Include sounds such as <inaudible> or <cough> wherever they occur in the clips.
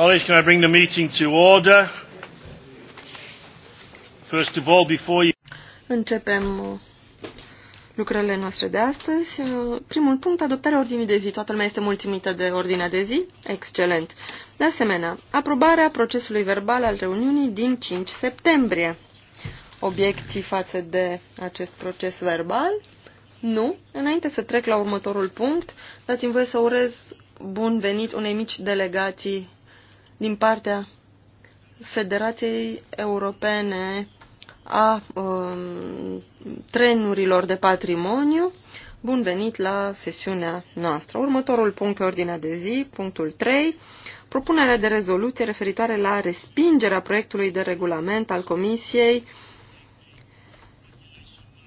Colleagues, can I bring the meeting to order? First of all, before you... Începem uh, lucrările noastre de astăzi. Uh, primul punct, adoptarea ordinii de zi. Toată lumea este mulțumită de ordinea de zi? Excelent. De asemenea, aprobarea procesului verbal al reuniunii din 5 septembrie. Obiecții față de acest proces verbal? Nu. Înainte să trec la următorul punct, dați-mi voie să urez bun venit unei mici delegații din partea Federației Europene a um, trenurilor de patrimoniu. Bun venit la sesiunea noastră. Următorul punct pe ordinea de zi, punctul 3, propunerea de rezoluție referitoare la respingerea proiectului de regulament al Comisiei uh,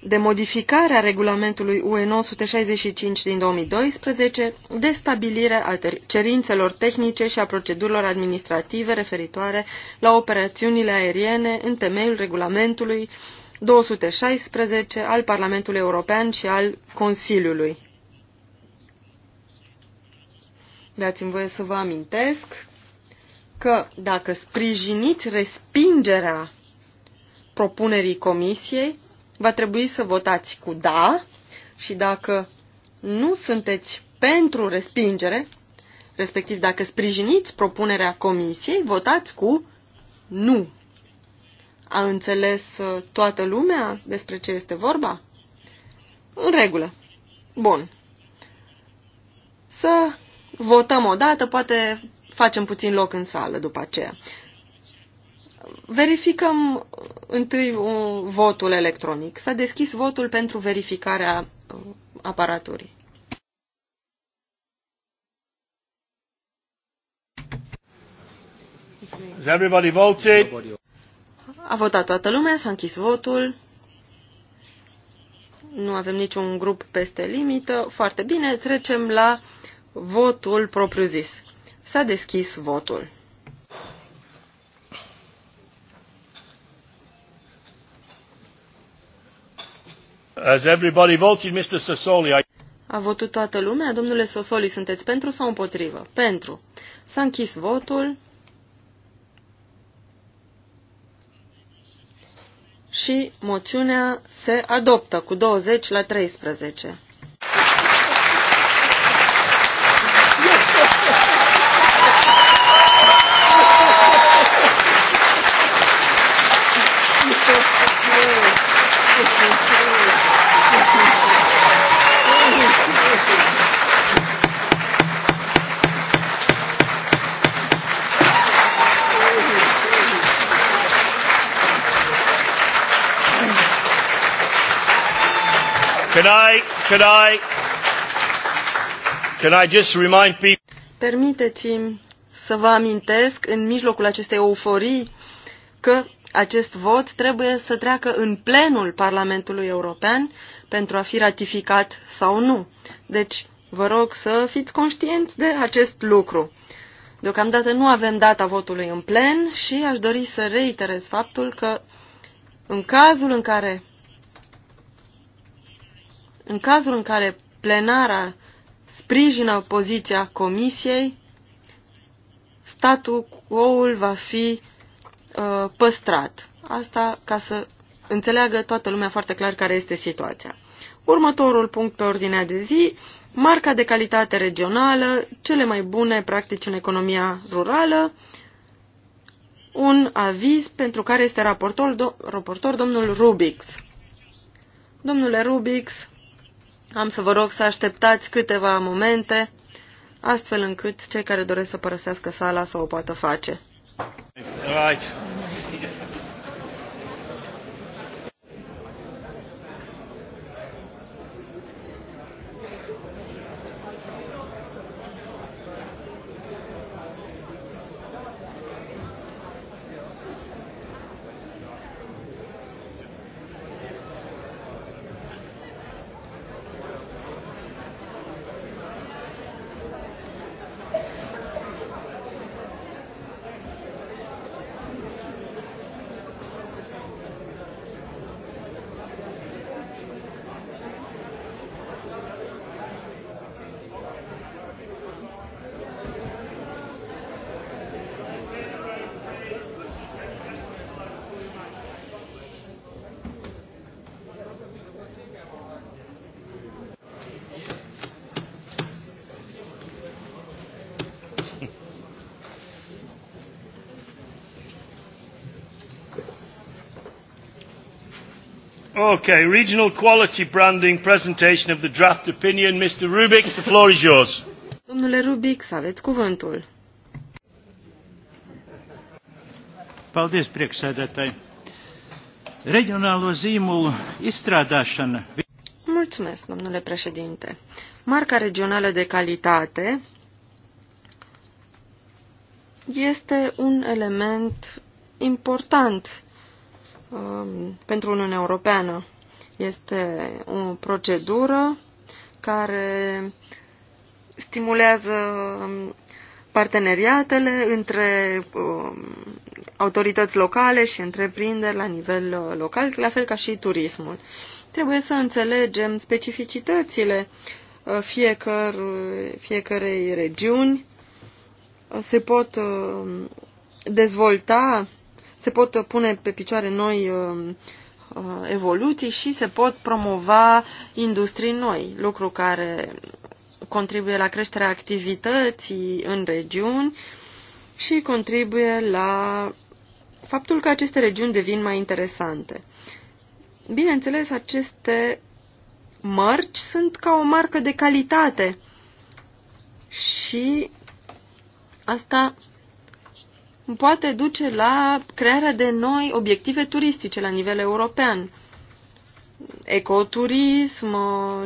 de modificare a regulamentului UE 965 din 2012 de stabilire a cerințelor tehnice și a procedurilor administrative referitoare la operațiunile aeriene în temeiul regulamentului 216 al Parlamentului European și al Consiliului. Dați-mi voie să vă amintesc că dacă sprijiniți respingerea propunerii Comisiei, va trebui să votați cu da și dacă nu sunteți pentru respingere, respectiv dacă sprijiniți propunerea comisiei, votați cu nu. A înțeles uh, toată lumea despre ce este vorba? În regulă. Bun. Să votăm o dată, poate facem puțin loc în sală după aceea verificăm întâi votul electronic. S-a deschis votul pentru verificarea uh, aparaturii. Has everybody voted? A votat toată lumea, s-a închis votul. Nu avem niciun grup peste limită. Foarte bine, trecem la votul propriu-zis. S-a deschis votul. Has everybody voted, Mr. Sassoli? I... A votat toată lumea? Domnule Sosoli, sunteți pentru sau împotrivă? Pentru. S-a închis votul. Și moțiunea se adoptă cu 20 la 13. Can I, can I, can I just remind people... Permiteți-mi să vă amintesc în mijlocul acestei euforii că acest vot trebuie să treacă în plenul Parlamentului European pentru a fi ratificat sau nu. Deci, vă rog să fiți conștienți de acest lucru. Deocamdată nu avem data votului în plen și aș dori să reiterez faptul că în cazul în care în cazul în care plenara sprijină poziția Comisiei, statul quo-ul va fi uh, păstrat. Asta ca să înțeleagă toată lumea foarte clar care este situația. Următorul punct pe ordinea de zi, marca de calitate regională, cele mai bune practici în economia rurală, un aviz pentru care este raportor, do, raportor domnul Rubix. Domnule Rubix, am să vă rog să așteptați câteva momente, astfel încât cei care doresc să părăsească sala să o poată face. Right. Okay, regional quality branding presentation of the draft opinion. Mr. Rubix, the floor is yours. Domnule Rubix, aveți cuvântul. Paldies, priekšsēdētāji. Regionālo zīmolu izstrādāšana. Mulțumesc, domnule președinte. Marca regională de calitate este un element important Um, pentru Uniunea Europeană. Este o procedură care stimulează um, parteneriatele între um, autorități locale și întreprinderi la nivel uh, local, la fel ca și turismul. Trebuie să înțelegem specificitățile uh, fiecăr, fiecarei regiuni. Se pot dezvolta se pot pune pe picioare noi uh, uh, evoluții și se pot promova industrii noi, lucru care contribuie la creșterea activității în regiuni și contribuie la faptul că aceste regiuni devin mai interesante. Bineînțeles, aceste mărci sunt ca o marcă de calitate și asta poate duce la crearea de noi obiective turistice la nivel european. Ecoturism,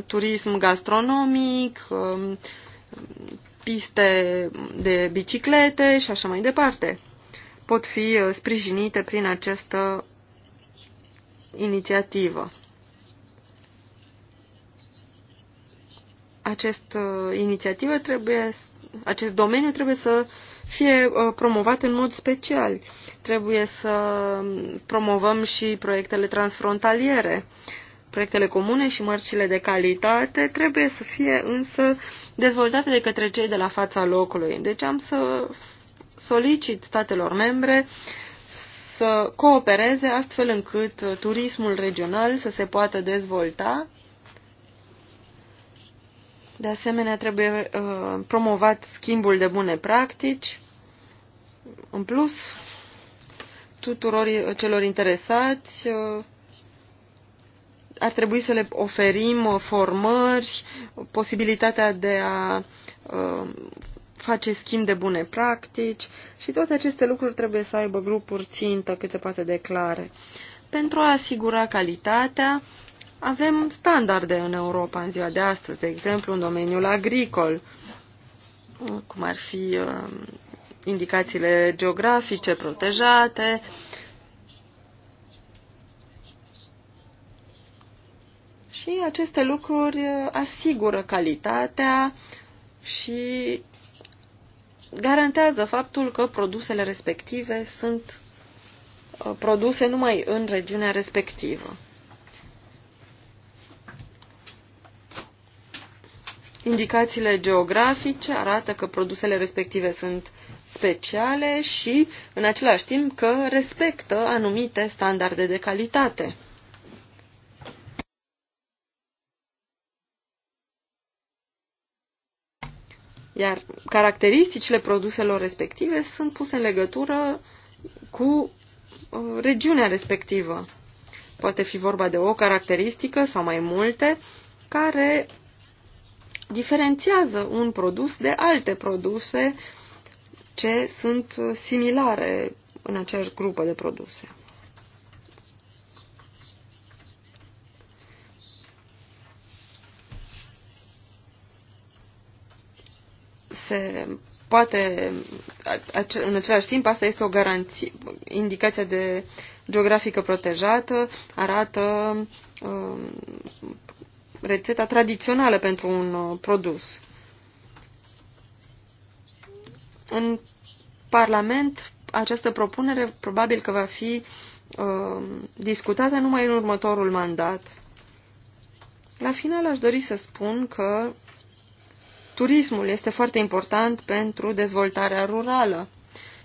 turism gastronomic, um, piste de biciclete și așa mai departe. Pot fi uh, sprijinite prin această inițiativă. Acest uh, inițiativă trebuie, acest domeniu trebuie să uh, fie uh, promovate în mod special. Trebuie să promovăm și proiectele transfrontaliere. Proiectele comune și mărcile de calitate trebuie să fie însă dezvoltate de către cei de la fața locului. Deci am să solicit statelor membre să coopereze astfel încât turismul regional să se poată dezvolta de asemenea, trebuie uh, promovat schimbul de bune practici. În plus, tuturor celor interesați uh, ar trebui să le oferim uh, formări, posibilitatea de a face schimb de bune practici și toate aceste lucruri trebuie să aibă grupuri țintă cât se poate de clare. Pentru a asigura calitatea, avem standarde în Europa în ziua de astăzi, de exemplu în domeniul agricol, cum ar fi um, indicațiile geografice protejate, Și aceste lucruri uh, asigură calitatea și garantează faptul că produsele respective sunt uh, produse numai în regiunea respectivă. indicațiile geografice arată că produsele respective sunt speciale și, în același timp, că respectă anumite standarde de calitate. Iar caracteristicile produselor respective sunt puse în legătură cu uh, regiunea respectivă. Poate fi vorba de o caracteristică sau mai multe care diferențiază un produs de alte produse ce sunt similare în aceeași grupă de produse. Se poate, în același timp, asta este o garanție, indicația de geografică protejată, arată um, rețeta tradițională pentru un uh, produs. În Parlament, această propunere probabil că va fi uh, discutată numai în următorul mandat. La final aș dori să spun că turismul este foarte important pentru dezvoltarea rurală.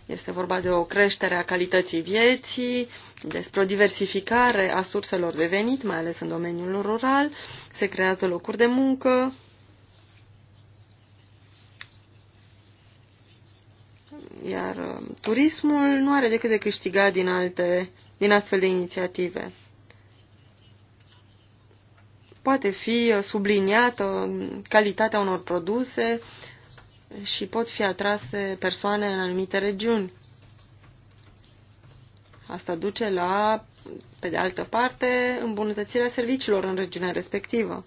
Este vorba de o creștere a calității vieții, despre o diversificare a surselor de venit, mai ales în domeniul rural, se creează locuri de muncă. Iar uh, turismul nu are decât de câștigat din, alte, din astfel de inițiative. Poate fi uh, subliniată calitatea unor produse, și pot fi atrase persoane în anumite regiuni. Asta duce la, pe de altă parte, îmbunătățirea serviciilor în regiunea respectivă.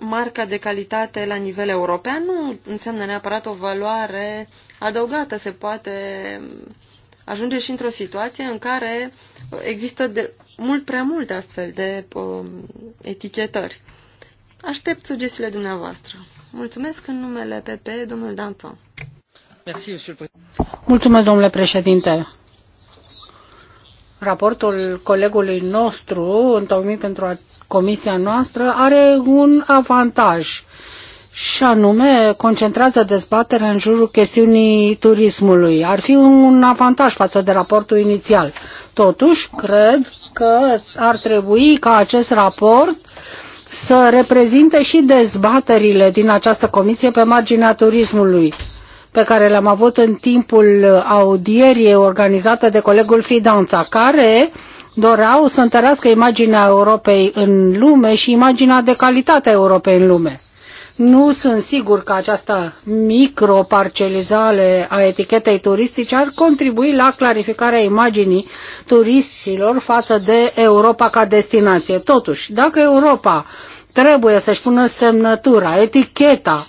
Marca de calitate la nivel european nu înseamnă neapărat o valoare adăugată. Se poate ajunge și într-o situație în care există de, mult prea multe astfel de um, etichetări. Aștept sugestiile dumneavoastră. Mulțumesc în numele PP, domnul Danton. Mulțumesc, domnule președinte. Raportul colegului nostru, întocmit pentru comisia noastră, are un avantaj și anume concentrează dezbaterea în jurul chestiunii turismului. Ar fi un avantaj față de raportul inițial. Totuși, cred că ar trebui ca acest raport să reprezinte și dezbaterile din această comisie pe marginea turismului pe care le-am avut în timpul audierii organizate de colegul Fidanța, care doreau să întărească imaginea Europei în lume și imaginea de calitate a Europei în lume. Nu sunt sigur că această microparcelizare a etichetei turistice ar contribui la clarificarea imaginii turiștilor față de Europa ca destinație. Totuși, dacă Europa trebuie să-și pună semnătura, eticheta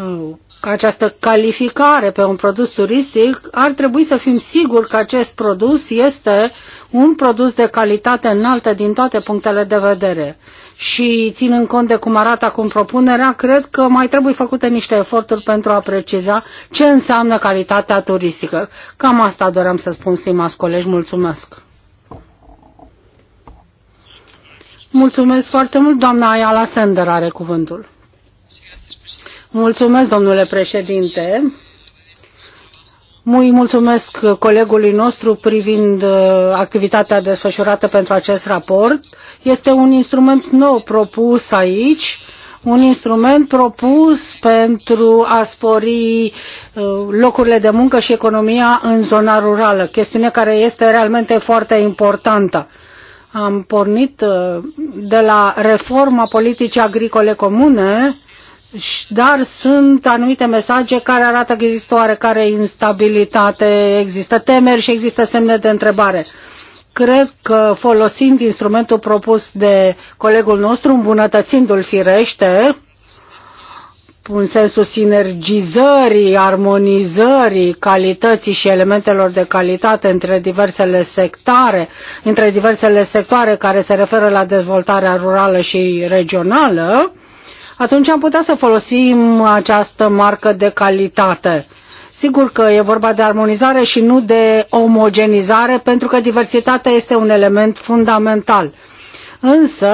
uh, că această calificare pe un produs turistic, ar trebui să fim siguri că acest produs este un produs de calitate înaltă din toate punctele de vedere. Și ținând cont de cum arată acum propunerea, cred că mai trebuie făcute niște eforturi pentru a preciza ce înseamnă calitatea turistică. Cam asta doream să spun, stimați colegi, mulțumesc! Mulțumesc foarte mult, doamna Ayala Sender are cuvântul. Mulțumesc, domnule președinte. îi mulțumesc colegului nostru privind uh, activitatea desfășurată pentru acest raport. Este un instrument nou propus aici, un instrument propus pentru a spori uh, locurile de muncă și economia în zona rurală, chestiune care este realmente foarte importantă. Am pornit uh, de la reforma politicii agricole comune, dar sunt anumite mesaje care arată că există oarecare instabilitate, există temeri și există semne de întrebare. Cred că folosind instrumentul propus de colegul nostru, îmbunătățindu-l firește, în sensul sinergizării, armonizării calității și elementelor de calitate între diversele sectoare, între diversele sectoare care se referă la dezvoltarea rurală și regională, atunci am putea să folosim această marcă de calitate. Sigur că e vorba de armonizare și nu de omogenizare, pentru că diversitatea este un element fundamental. Însă,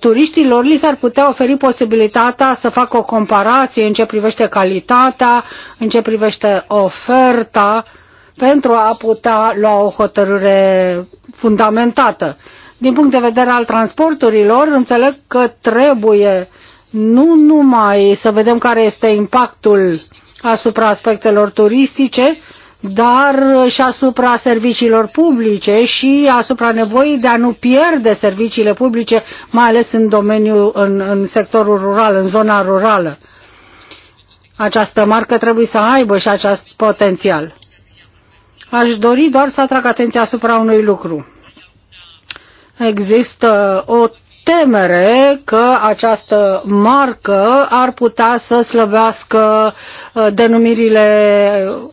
turiștilor li s-ar putea oferi posibilitatea să facă o comparație în ce privește calitatea, în ce privește oferta, pentru a putea lua o hotărâre fundamentată. Din punct de vedere al transporturilor, înțeleg că trebuie nu numai să vedem care este impactul asupra aspectelor turistice, dar și asupra serviciilor publice și asupra nevoii de a nu pierde serviciile publice, mai ales în domeniul, în, în sectorul rural, în zona rurală. Această marcă trebuie să aibă și acest potențial. Aș dori doar să atrag atenția asupra unui lucru. Există o temere că această marcă ar putea să slăbească uh, denumirile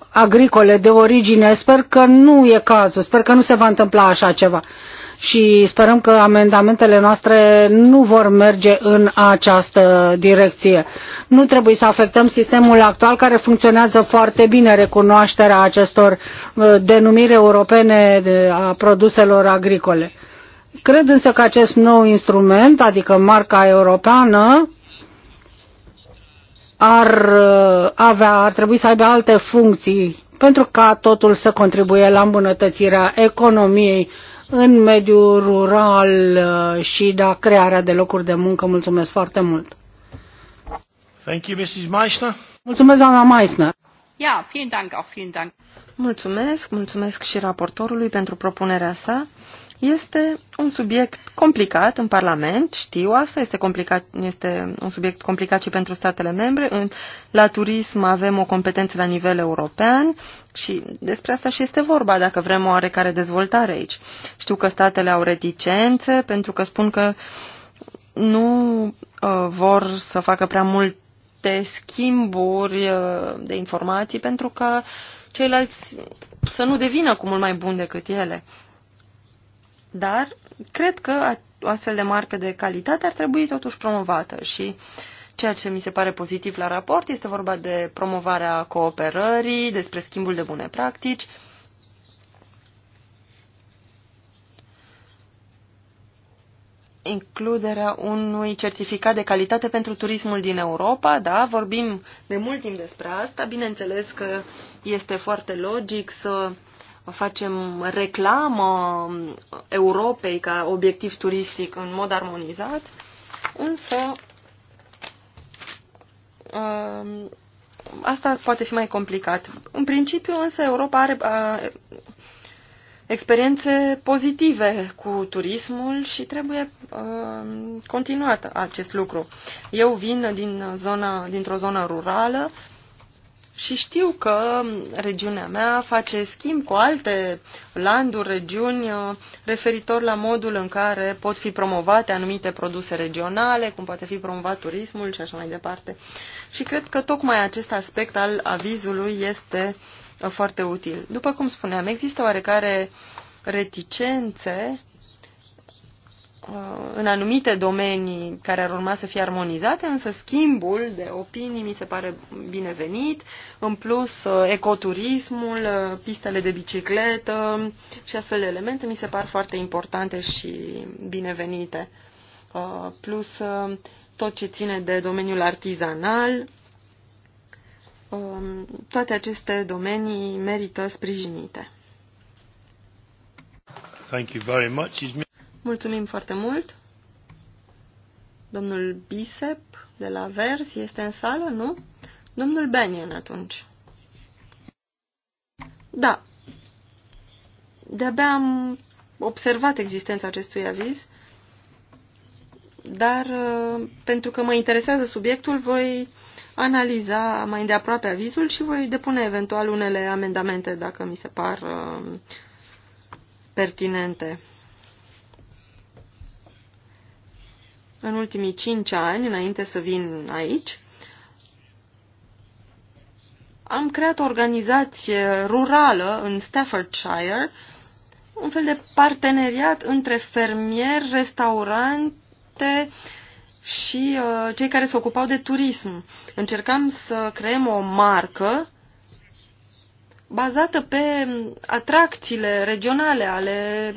agricole de origine. Sper că nu e cazul, sper că nu se va întâmpla așa ceva și sperăm că amendamentele noastre nu vor merge în această direcție. Nu trebuie să afectăm sistemul actual care funcționează foarte bine, recunoașterea acestor uh, denumiri europene a produselor agricole. Cred însă că acest nou instrument, adică marca europeană, ar, uh, avea, ar trebui să aibă alte funcții pentru ca totul să contribuie la îmbunătățirea economiei în mediul rural uh, și la crearea de locuri de muncă. Mulțumesc foarte mult! Thank you, Mrs. Meissner. Mulțumesc, doamna Meissner. Ja, vielen Dank, auch vielen Dank. Mulțumesc, mulțumesc și raportorului pentru propunerea sa. Este un subiect complicat în Parlament, știu asta, este, complicat, este un subiect complicat și pentru statele membre. În, la turism avem o competență la nivel european și despre asta și este vorba, dacă vrem o oarecare dezvoltare aici. Știu că statele au reticențe pentru că spun că nu uh, vor să facă prea multe schimburi uh, de informații pentru că ceilalți să nu devină cu mult mai bun decât ele. Dar cred că o astfel de marcă de calitate ar trebui totuși promovată și ceea ce mi se pare pozitiv la raport este vorba de promovarea cooperării, despre schimbul de bune practici, includerea unui certificat de calitate pentru turismul din Europa, da, vorbim de mult timp despre asta, bineînțeles că este foarte logic să facem reclamă Europei ca obiectiv turistic în mod armonizat, însă um, asta poate fi mai complicat. În principiu, însă, Europa are uh, experiențe pozitive cu turismul și trebuie um, continuat acest lucru. Eu vin din zona, dintr-o zonă rurală, și știu că regiunea mea face schimb cu alte landuri, regiuni, uh, referitor la modul în care pot fi promovate anumite produse regionale, cum poate fi promovat turismul și așa mai departe. Și cred că tocmai acest aspect al avizului este uh, foarte util. După cum spuneam, există oarecare reticențe în anumite domenii care ar urma să fie armonizate, însă schimbul de opinii mi se pare binevenit, în plus uh, ecoturismul, uh, pistele de bicicletă și astfel de elemente mi se par foarte importante și binevenite. Uh, plus tot ce ține de domeniul artizanal, um, toate aceste domenii merită sprijinite. Thank you very much. Mulțumim foarte mult. Domnul Bisep de la Vers este în sală, nu? Domnul Benian atunci. Da. De-abia am observat existența acestui aviz, dar uh, pentru că mă interesează subiectul, voi analiza mai îndeaproape avizul și voi depune eventual unele amendamente dacă mi se par uh, pertinente. în ultimii cinci ani, înainte să vin aici, am creat o organizație rurală în Staffordshire, un fel de parteneriat între fermieri, restaurante și uh, cei care se ocupau de turism. Încercam să creăm o marcă bazată pe atracțiile regionale ale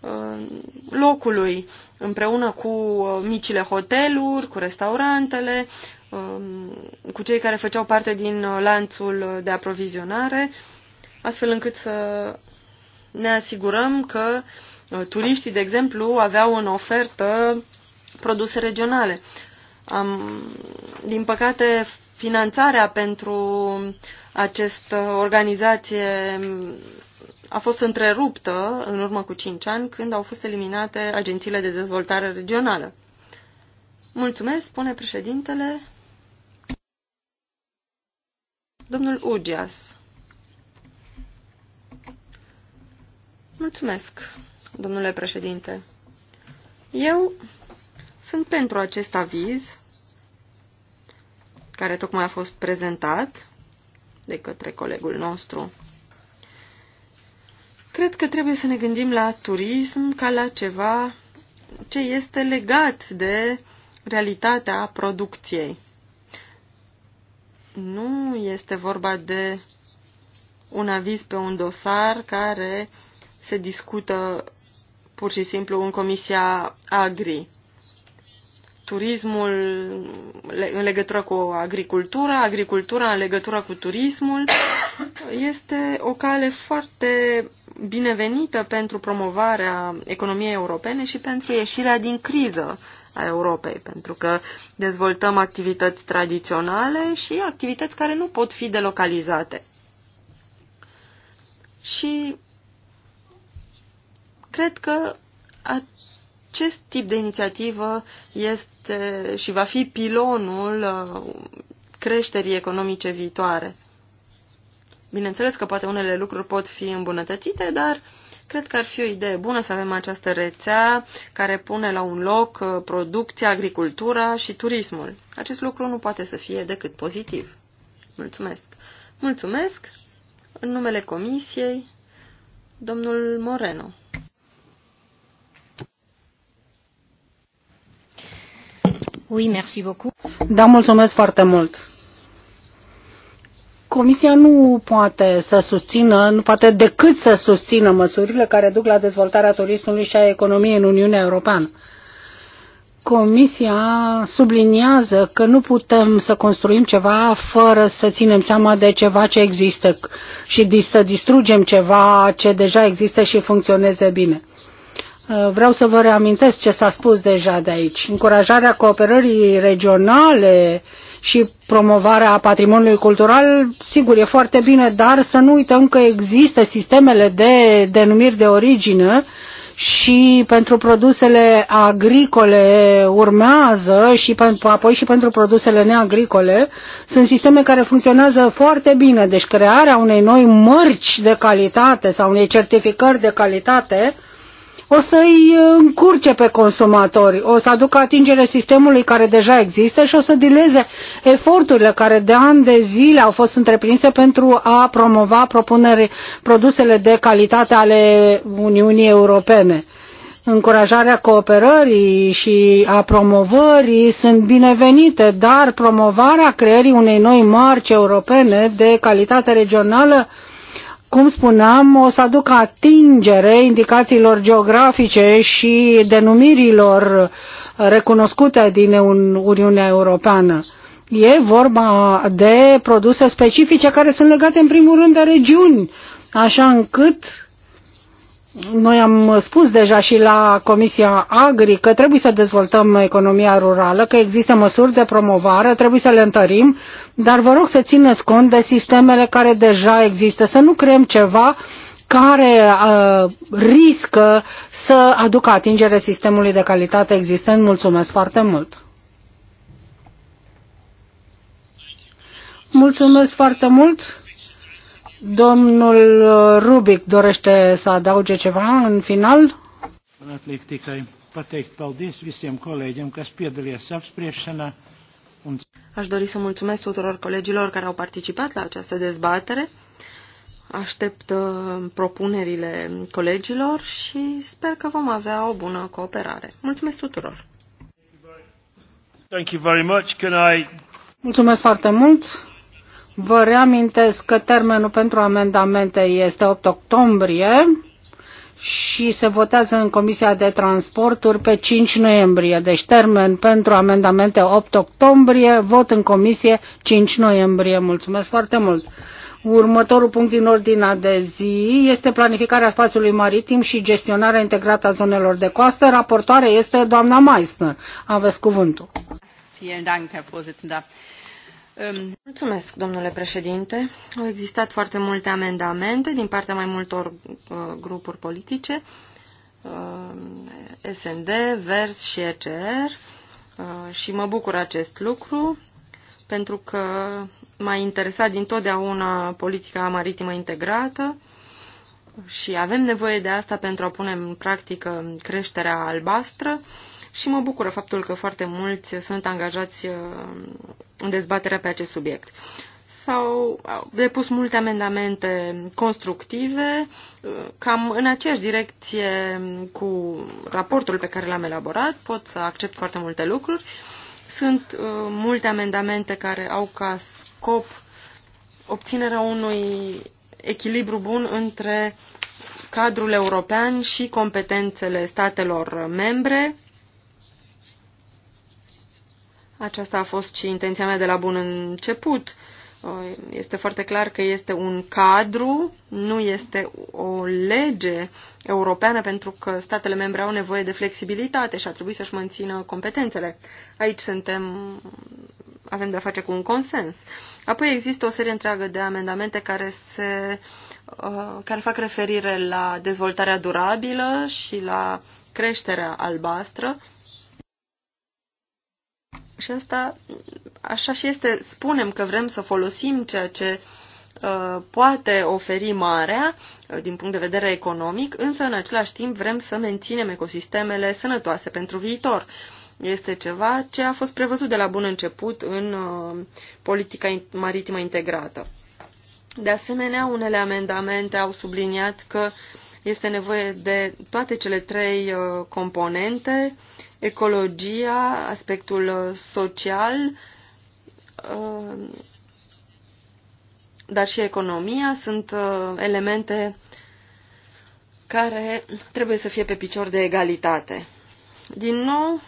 uh, locului împreună cu uh, micile hoteluri, cu restaurantele, um, cu cei care făceau parte din uh, lanțul de aprovizionare, astfel încât să ne asigurăm că uh, turiștii, de exemplu, aveau în ofertă produse regionale. Am, din păcate, finanțarea pentru această organizație a fost întreruptă în urmă cu cinci ani când au fost eliminate agențiile de dezvoltare regională. Mulțumesc, spune președintele. Domnul Ugias. Mulțumesc, domnule președinte. Eu sunt pentru acest aviz care tocmai a fost prezentat de către colegul nostru. Cred că trebuie să ne gândim la turism ca la ceva ce este legat de realitatea producției. Nu este vorba de un aviz pe un dosar care se discută pur și simplu în Comisia Agri. Turismul în legătură cu agricultura, agricultura în legătură cu turismul, este o cale foarte binevenită pentru promovarea economiei europene și pentru ieșirea din criză a Europei, pentru că dezvoltăm activități tradiționale și activități care nu pot fi delocalizate. Și cred că acest tip de inițiativă este și va fi pilonul uh, creșterii economice viitoare. Bineînțeles că poate unele lucruri pot fi îmbunătățite, dar cred că ar fi o idee bună să avem această rețea care pune la un loc uh, producția, agricultura și turismul. Acest lucru nu poate să fie decât pozitiv. Mulțumesc! Mulțumesc! În numele Comisiei, domnul Moreno. Oui, merci beaucoup. Da, mulțumesc foarte mult. Comisia nu poate să susțină, nu poate decât să susțină măsurile care duc la dezvoltarea turismului și a economiei în Uniunea Europeană. Comisia subliniază că nu putem să construim ceva fără să ținem seama de ceva ce există și să distrugem ceva ce deja există și funcționeze bine. Uh, vreau să vă reamintesc ce s-a spus deja de aici. Încurajarea cooperării regionale uh, și promovarea patrimoniului cultural, sigur, e foarte bine, dar să nu uităm că există sistemele de denumiri de origine și pentru produsele agricole urmează și apoi și pentru produsele neagricole sunt sisteme care funcționează foarte bine. Deci crearea unei noi mărci de calitate sau unei certificări de calitate o să-i uh, încurce pe consumatori, o să aducă atingere sistemului care deja există și o să dilueze eforturile care de ani de zile au fost întreprinse pentru a promova propuneri produsele de calitate ale Uniunii Europene încurajarea cooperării și a promovării sunt binevenite, dar promovarea creării unei noi marci europene de calitate regională cum spuneam, o să aducă atingere indicațiilor geografice și denumirilor recunoscute din Uniunea Europeană. E vorba de produse specifice care sunt legate în primul rând de regiuni, așa încât noi am spus deja și la Comisia Agri că trebuie să dezvoltăm economia rurală, că există măsuri de promovare, trebuie să le întărim, dar vă rog să țineți cont de sistemele care deja există, să nu creăm ceva care uh, riscă să aducă atingere sistemului de calitate existent. Mulțumesc foarte mult! Mulțumesc foarte mult! Domnul uh, Rubic dorește să adauge ceva în final? Aș dori să mulțumesc tuturor colegilor care au participat la această dezbatere. Aștept uh, propunerile colegilor și sper că vom avea o bună cooperare. Mulțumesc tuturor! Thank you very much. Can I... Mulțumesc foarte mult! Vă reamintesc că termenul pentru amendamente este 8 octombrie și se votează în Comisia de Transporturi pe 5 noiembrie. Deci termen pentru amendamente 8 octombrie, vot în Comisie 5 noiembrie. Mulțumesc foarte mult! Următorul punct din ordinea de zi este planificarea spațiului maritim și gestionarea integrată a zonelor de coastă. Raportoare este doamna Meissner. Aveți cuvântul. Vielen Dank, Herr Mulțumesc, domnule președinte. Au existat foarte multe amendamente din partea mai multor uh, grupuri politice, uh, SND, Vers și ECR, uh, și mă bucur acest lucru pentru că m-a interesat dintotdeauna politica maritimă integrată și avem nevoie de asta pentru a pune în practică creșterea albastră și mă bucură faptul că foarte mulți sunt angajați uh, în dezbaterea pe acest subiect. S-au depus multe amendamente constructive, uh, cam în aceeași direcție cu raportul pe care l-am elaborat, pot să accept foarte multe lucruri. Sunt uh, multe amendamente care au ca scop obținerea unui echilibru bun între cadrul european și competențele statelor membre aceasta a fost și intenția mea de la bun început. Uh, este foarte clar că este un cadru, nu este o lege europeană, pentru că statele membre au nevoie de flexibilitate și ar trebui să-și mențină competențele. Aici suntem, avem de-a face cu un consens. Apoi există o serie întreagă de amendamente care, se, uh, care fac referire la dezvoltarea durabilă și la creșterea albastră, și asta, așa și este, spunem că vrem să folosim ceea ce uh, poate oferi marea uh, din punct de vedere economic, însă în același timp vrem să menținem ecosistemele sănătoase pentru viitor. Este ceva ce a fost prevăzut de la bun început în uh, politica maritimă integrată. De asemenea, unele amendamente au subliniat că este nevoie de toate cele trei componente ecologia, aspectul uh, social, uh, dar și economia sunt uh, elemente care trebuie să fie pe picior de egalitate. Din nou,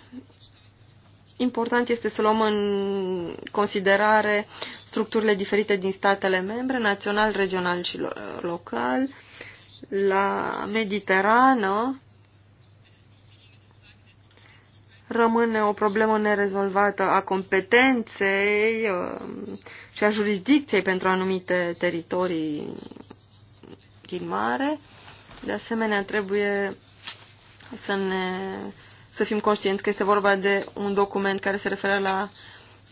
important este să luăm în considerare structurile diferite din statele membre, național, regional și local. La Mediterană, rămâne o problemă nerezolvată a competenței uh, și a jurisdicției pentru anumite teritorii din mare. De asemenea, trebuie să, ne, să fim conștienți că este vorba de un document care se referă la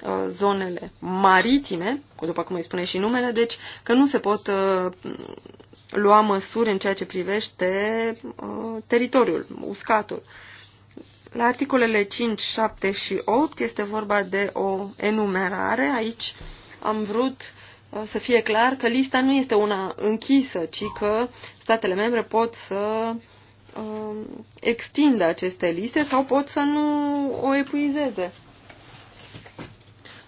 uh, zonele maritime, după cum îi spune și numele, deci că nu se pot uh, lua măsuri în ceea ce privește teritoriul, uscatul. La articolele 5, 7 și 8 este vorba de o enumerare. Aici am vrut uh, să fie clar că lista nu este una închisă, ci că statele membre pot să uh, extindă aceste liste sau pot să nu o epuizeze.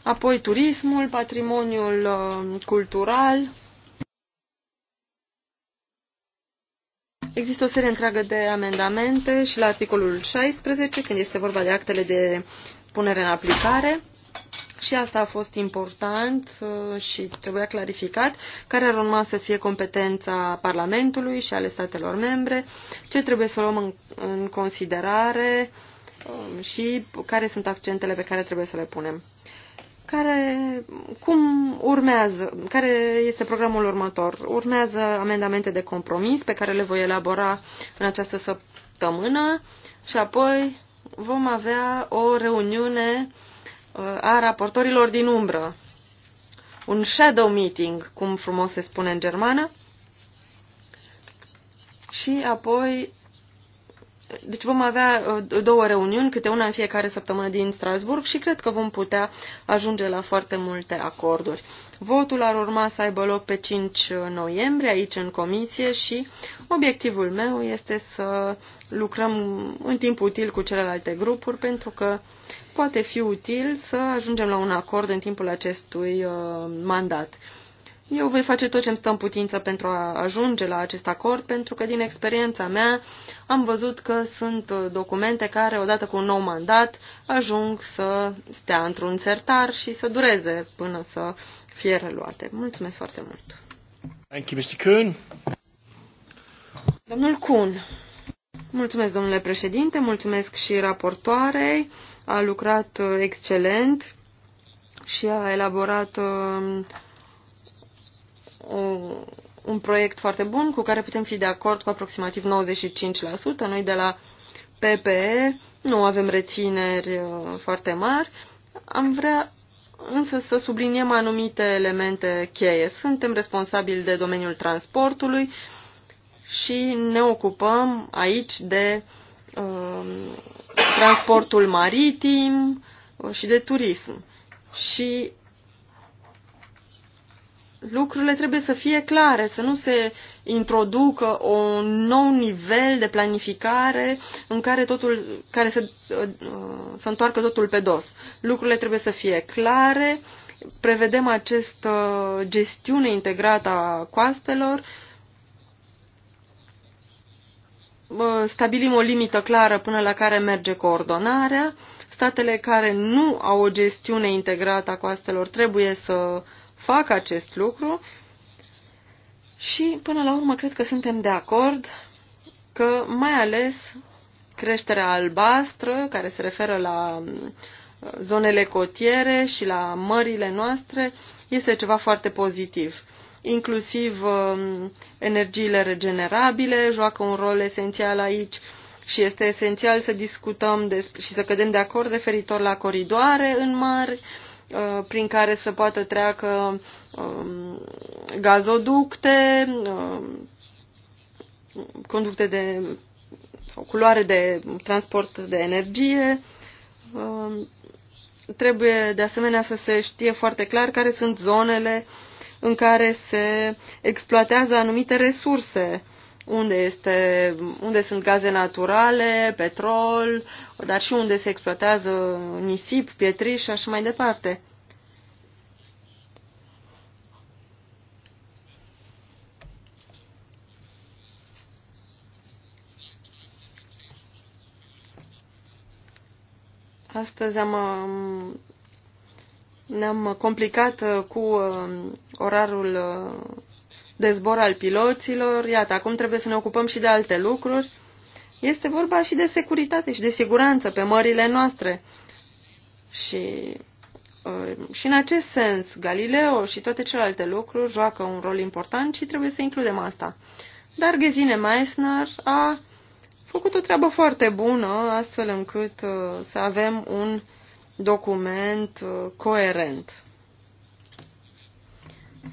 Apoi turismul, patrimoniul uh, cultural, Există o serie întreagă de amendamente și la articolul 16, când este vorba de actele de punere în aplicare, și asta a fost important uh, și trebuia clarificat care ar urma să fie competența Parlamentului și ale statelor membre, ce trebuie să luăm în, în considerare uh, și care sunt accentele pe care trebuie să le punem. Care, cum urmează, care este programul următor? Urmează amendamente de compromis pe care le voi elabora în această săptămână și apoi vom avea o reuniune uh, a raportorilor din umbră. Un shadow meeting, cum frumos se spune în germană. Și apoi deci vom avea uh, două reuniuni, câte una în fiecare săptămână din Strasburg și cred că vom putea ajunge la foarte multe acorduri. Votul ar urma să aibă loc pe 5 noiembrie aici în comisie și obiectivul meu este să lucrăm în timp util cu celelalte grupuri pentru că poate fi util să ajungem la un acord în timpul acestui uh, mandat. Eu voi face tot ce-mi stă în putință pentru a ajunge la acest acord, pentru că din experiența mea am văzut că sunt documente care, odată cu un nou mandat, ajung să stea într-un sertar și să dureze până să fie reluate. Mulțumesc foarte mult! Thank you, Mr. Kuhn. Domnul Kuhn, mulțumesc, domnule președinte, mulțumesc și raportoarei. A lucrat uh, excelent și a elaborat uh, un, proiect foarte bun cu care putem fi de acord cu aproximativ 95%. Noi de la PPE nu avem rețineri uh, foarte mari. Am vrea însă să subliniem anumite elemente cheie. Suntem responsabili de domeniul transportului și ne ocupăm aici de uh, transportul maritim și de turism. Și lucrurile trebuie să fie clare, să nu se introducă un nou nivel de planificare în care totul, care se, uh, să întoarcă totul pe dos. Lucrurile trebuie să fie clare, prevedem această uh, gestiune integrată a coastelor, uh, stabilim o limită clară până la care merge coordonarea, statele care nu au o gestiune integrată a coastelor trebuie să uh, fac acest lucru și, până la urmă, cred că suntem de acord că mai ales creșterea albastră, care se referă la uh, zonele cotiere și la mările noastre, este ceva foarte pozitiv. Inclusiv um, energiile regenerabile joacă un rol esențial aici și este esențial să discutăm și să cădem de acord referitor la coridoare în mări, Uh, prin care să poată treacă um, gazoducte, um, conducte de sau culoare de transport de energie. Um, trebuie de asemenea să se știe foarte clar care sunt zonele în care se exploatează anumite resurse unde, este, unde sunt gaze naturale, petrol, dar și unde se exploatează nisip, pietriș și așa mai departe. Astăzi am, ne-am complicat uh, cu uh, orarul uh, de zbor al piloților, iată, acum trebuie să ne ocupăm și de alte lucruri. Este vorba și de securitate și de siguranță pe mările noastre. Și, uh, și în acest sens, Galileo și toate celelalte lucruri joacă un rol important și trebuie să includem asta. Dar Gesine Meissner a făcut o treabă foarte bună, astfel încât uh, să avem un document uh, coerent.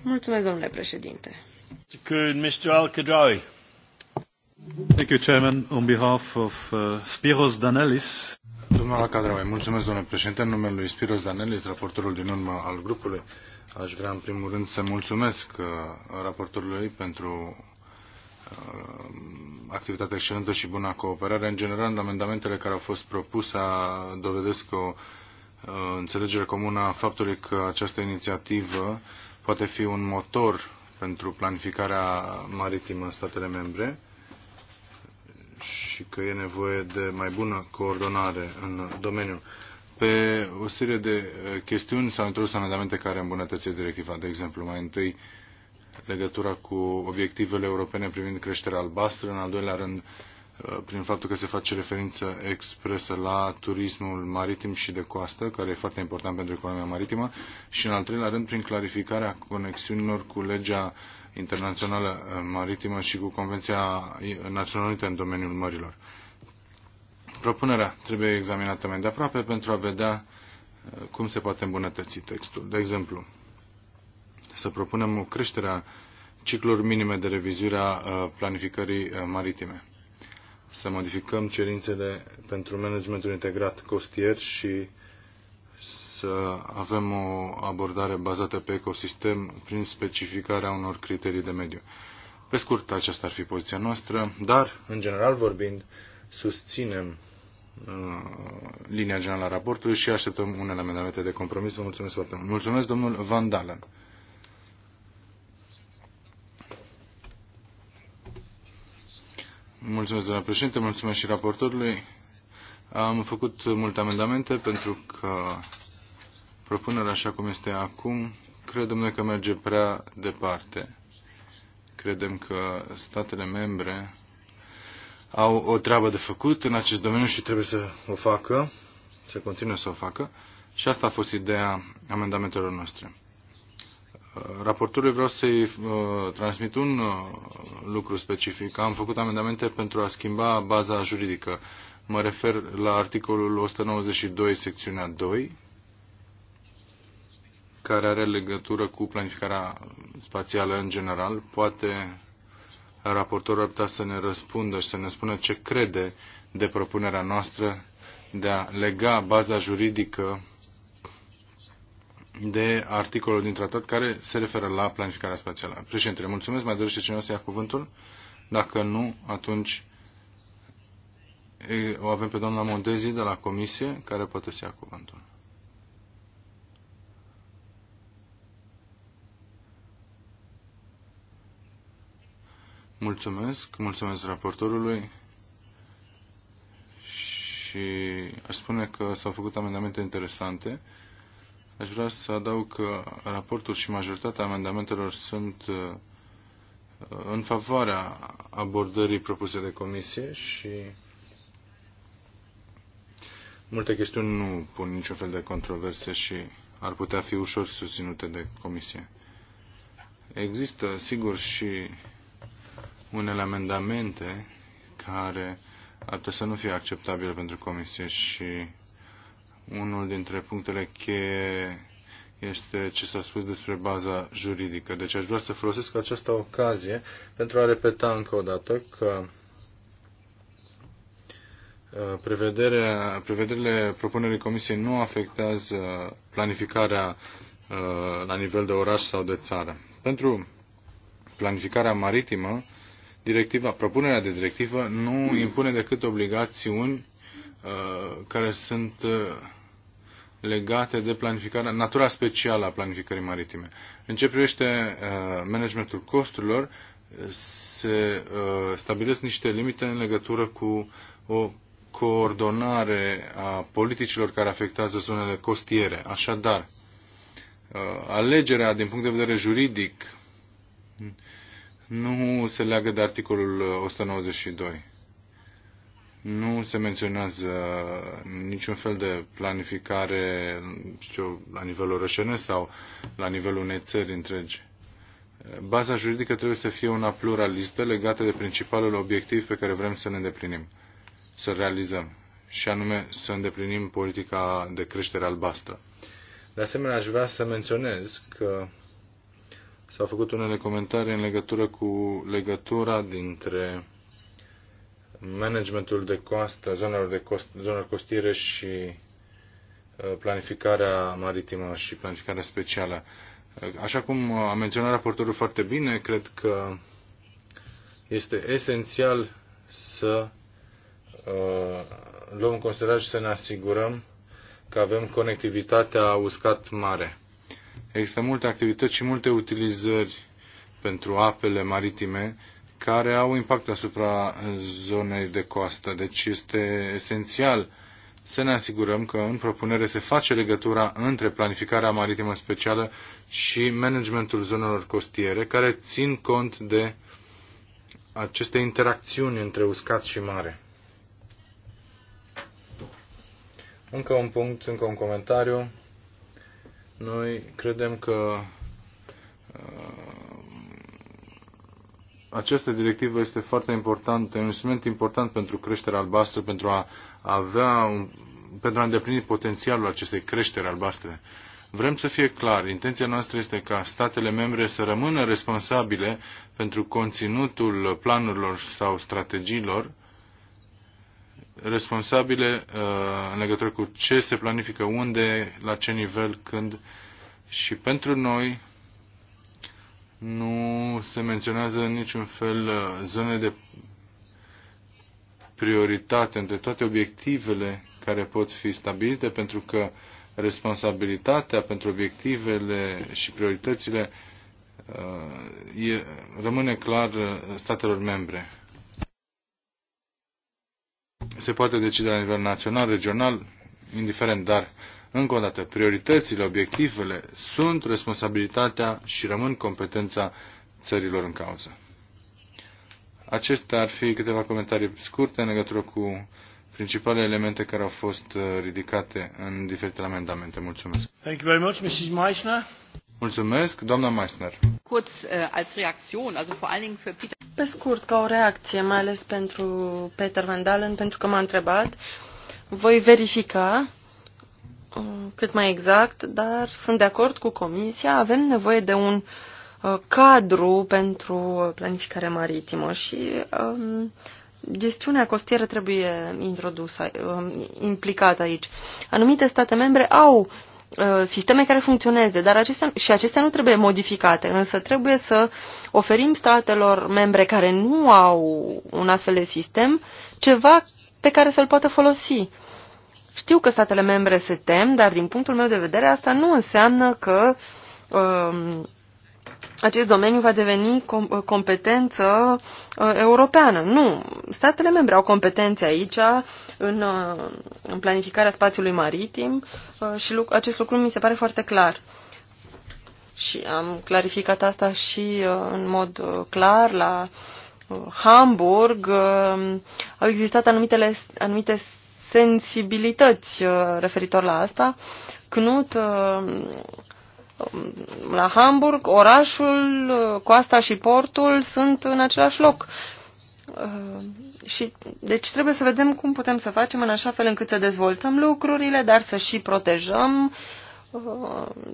Mulțumesc, domnule președinte. Mr. Al-Khadraoui. Thank you, Chairman. On behalf of uh, Spiros Domnul mulțumesc, domnule președinte. În numele lui Spiros Danelis, raportorul din urmă al grupului, aș vrea în primul rând să mulțumesc uh, raportorului pentru uh, activitatea excelentă și bună cooperare. În general, amendamentele care au fost propuse dovedesc o uh, înțelegere comună a faptului că această inițiativă poate fi un motor pentru planificarea maritimă în statele membre și că e nevoie de mai bună coordonare în domeniu. Pe o serie de eh, chestiuni s-au introdus amendamente care îmbunătățesc directiva. De exemplu, mai întâi legătura cu obiectivele europene privind creșterea albastră, în al doilea rând Uh, prin faptul că se face referință expresă la turismul maritim și de coastă, care e foarte important pentru economia maritimă, și în al treilea rând prin clarificarea conexiunilor cu legea internațională uh, maritimă și cu Convenția Națională Unită în domeniul mărilor. Propunerea trebuie examinată mai de aproape pentru a vedea uh, cum se poate îmbunătăți textul. De exemplu, să propunem o creștere a ciclurilor minime de revizuire a planificării maritime să modificăm cerințele pentru managementul integrat costier și să avem o abordare bazată pe ecosistem prin specificarea unor criterii de mediu. Pe scurt, aceasta ar fi poziția noastră, dar, în general vorbind, susținem uh, linia generală a raportului și așteptăm unele amendamente de compromis. Vă mulțumesc foarte mult. Mulțumesc, domnul Van Dalen. Mulțumesc, doamna președinte, mulțumesc și raportorului. Am făcut multe amendamente pentru că propunerea așa cum este acum, credem noi că merge prea departe. Credem că statele membre au o treabă de făcut în acest domeniu și trebuie să o facă, să continue să o facă. Și asta a fost ideea amendamentelor noastre. Raportorului vreau să-i uh, transmit un uh, lucru specific. Am făcut amendamente pentru a schimba baza juridică. Mă refer la articolul 192, secțiunea 2, care are legătură cu planificarea spațială în general. Poate raportorul ar putea să ne răspundă și să ne spună ce crede de propunerea noastră de a lega baza juridică de articolul din tratat care se referă la planificarea spațială. Președintele, mulțumesc. Mai dorește cineva să ia cuvântul? Dacă nu, atunci o avem pe doamna Mondezi de la Comisie, care poate să ia cuvântul. Mulțumesc, mulțumesc raportorului și aș spune că s-au făcut amendamente interesante Aș vrea să adaug că raportul și majoritatea amendamentelor sunt uh, uh, în favoarea abordării propuse de comisie și multe chestiuni nu pun niciun fel de controverse și ar putea fi ușor susținute de comisie. Există, sigur, și unele amendamente care ar trebui să nu fie acceptabile pentru comisie și unul dintre punctele cheie este ce s-a spus despre baza juridică. Deci aș vrea să folosesc această ocazie pentru a repeta încă o dată că uh, prevederea, prevederile propunerii Comisiei nu afectează planificarea uh, la nivel de oraș sau de țară. Pentru planificarea maritimă, directiva, propunerea de directivă nu impune decât obligațiuni uh, care sunt legate de planificarea, natura specială a planificării maritime. În ce privește uh, managementul costurilor, se uh, stabilesc niște limite în legătură cu o coordonare a politicilor care afectează zonele costiere. Așadar, uh, alegerea din punct de vedere juridic nu se leagă de articolul 192. Nu se menționează niciun fel de planificare știu, la nivelul orășenesc sau la nivelul unei țări întregi. Baza juridică trebuie să fie una pluralistă legată de principalul obiectiv pe care vrem să ne îndeplinim, să realizăm, și anume să îndeplinim politica de creștere albastră. De asemenea, aș vrea să menționez că s-au făcut unele comentarii în legătură cu legătura dintre managementul de coastă, zonelor, de cost, zonelor costiere și uh, planificarea maritimă și planificarea specială. Uh, așa cum a menționat raportorul foarte bine, cred că este esențial să uh, luăm în considerare și să ne asigurăm că avem conectivitatea uscat mare. Există multe activități și multe utilizări pentru apele maritime care au impact asupra zonei de coastă. Deci este esențial să ne asigurăm că în propunere se face legătura între planificarea maritimă specială și managementul zonelor costiere, care țin cont de aceste interacțiuni între uscat și mare. Încă un punct, încă un comentariu. Noi credem că uh, această directivă este foarte importantă, un instrument important pentru creșterea albastră, pentru a avea, un, pentru a îndeplini potențialul acestei creșteri albastre. Vrem să fie clar, intenția noastră este ca statele membre să rămână responsabile pentru conținutul planurilor sau strategiilor, responsabile uh, în legătură cu ce se planifică, unde, la ce nivel, când. Și pentru noi, nu se menționează în niciun fel uh, zone de prioritate între toate obiectivele care pot fi stabilite, pentru că responsabilitatea pentru obiectivele și prioritățile uh, e, rămâne clar uh, statelor membre. Se poate decide la nivel național, regional, indiferent, dar încă o dată, prioritățile, obiectivele sunt responsabilitatea și rămân competența țărilor în cauză. Acestea ar fi câteva comentarii scurte în legătură cu principalele elemente care au fost uh, ridicate în diferitele amendamente. Mulțumesc. Thank you very much, Mrs. Meissner. Mulțumesc, doamna Meissner. Kurz uh, als Reaktion, also vor allen Dingen für Peter. Pe scurt, ca o reacție, mai ales pentru Peter Van Dalen, pentru că m-a întrebat, voi verifica Uh, cât mai exact, dar sunt de acord cu Comisia, avem nevoie de un uh, cadru pentru uh, planificare maritimă și um, gestiunea costieră trebuie introdusă, um, implicată aici. Anumite state membre au sisteme care funcționeze, dar acestea, și acestea nu trebuie modificate, însă trebuie să oferim statelor membre care nu au un astfel de sistem ceva pe care să-l poată folosi. Știu că statele membre se tem, dar din punctul meu de vedere asta nu înseamnă că um, acest domeniu va deveni com uh, competență uh, europeană. Nu, statele membre au competențe aici în, uh, în planificarea spațiului maritim uh, și lu acest lucru mi se pare foarte clar. Și am clarificat asta și uh, în mod uh, clar la uh, Hamburg. Uh, au existat anumite anumite sensibilități uh, referitor la asta. Cnut uh, la Hamburg, orașul, uh, coasta și portul sunt în același loc. Și, deci trebuie să vedem cum putem să facem în așa fel încât să dezvoltăm lucrurile, dar să și protejăm